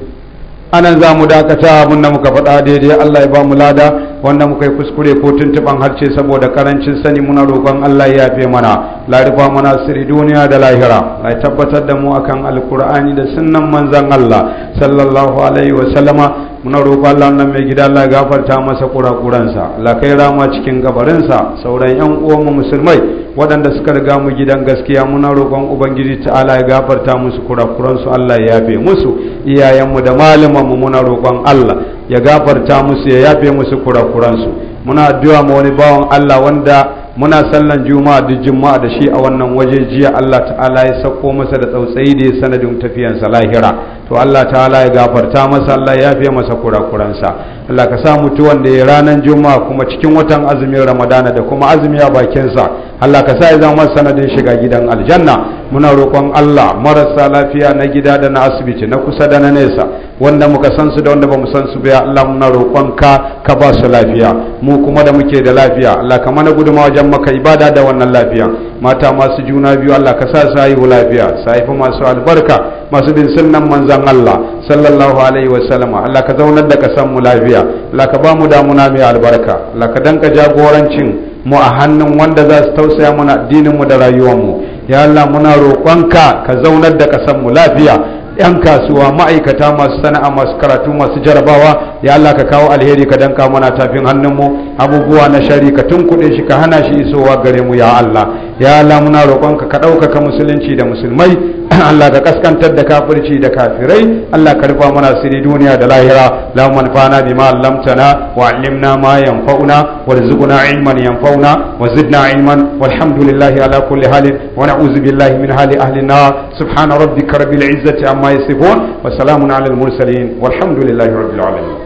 anan za mu dakata abin da muka faɗa daidai Allah ya ba mu lada wanda muka yi kuskure ko tuntuɓan harce saboda karancin sani muna roƙon Allah ya yafe mana larifa mana siri duniya da lahira mai tabbatar da mu akan alkur'ani da sunnan manzan Allah sallallahu alaihi wa sallama muna roƙo Allah nan mai gida Allah gafarta masa kurakuransa Allah kai rama cikin gabarinsa sauran yan uwan musulmai waɗanda suka riga mu gidan gaskiya muna roƙon ubangiji ta'ala ya gafarta musu su Allah ya yafe musu iyayenmu da mu muna roƙon Allah ya gafarta musu ya yafe musu kurakuransu muna addu'a ma wani bawan Allah wanda muna sallan juma'a duk juma'a da shi a wannan waje jiya Allah ta'ala ya sako masa da tsautsayi da ya sanadin tafiyansa lahira to Allah ta'ala ya gafarta masa Allah ya fiye masa kurakuransa Allah ka sa mutu wanda ya ranar juma'a kuma cikin watan azumin ramadana da kuma azumi a bakinsa Allah ka sa ya zama sanadin shiga gidan aljanna muna roƙon Allah marasa lafiya na gida da na asibiti na kusa da na nesa wanda muka san su da wanda bamu san su ba Allah muna roƙon ka ka ba su lafiya mu kuma da muke da lafiya Allah ka mana guduma wajen maka ibada da wannan lafiya mata masu juna biyu Allah ka sa su haihu lafiya su haifi masu albarka masu bin sunnan manzan Allah sallallahu alaihi wa sallama Allah ka zaunar da ka san mu lafiya Allah ka ba mu damuna mai albarka Allah ka danka jagorancin mu a hannun wanda za su tausaya mana addinin mu da rayuwar mu ya Allah muna roƙonka ka zaunar da ka san mu lafiya yan kasuwa ma'aikata masu sana'a masu karatu masu jarabawa ya Allah ka kawo alheri ka danka mana tafin mu abubuwa na shari ka tun kuɗin shi ka hana shi isowa gare mu ya Allah ya Allah muna roƙonka ka ɗaukaka musulunci da musulmai Allah ka kaskantar da kafirci da kafirai Allah ka rufa mana asiri duniya da lahira la manfa'ana bima allamtana wa 'allimna ma yanfa'una warzuqna 'ilman yanfa'una wa zidna 'ilman walhamdulillahi ala kulli halin wa na'udzu billahi min hali ahli an-nar subhana rabbika rabbil 'izzati amma yasifun wa salamun 'alal mursalin walhamdulillahi rabbil 'alamin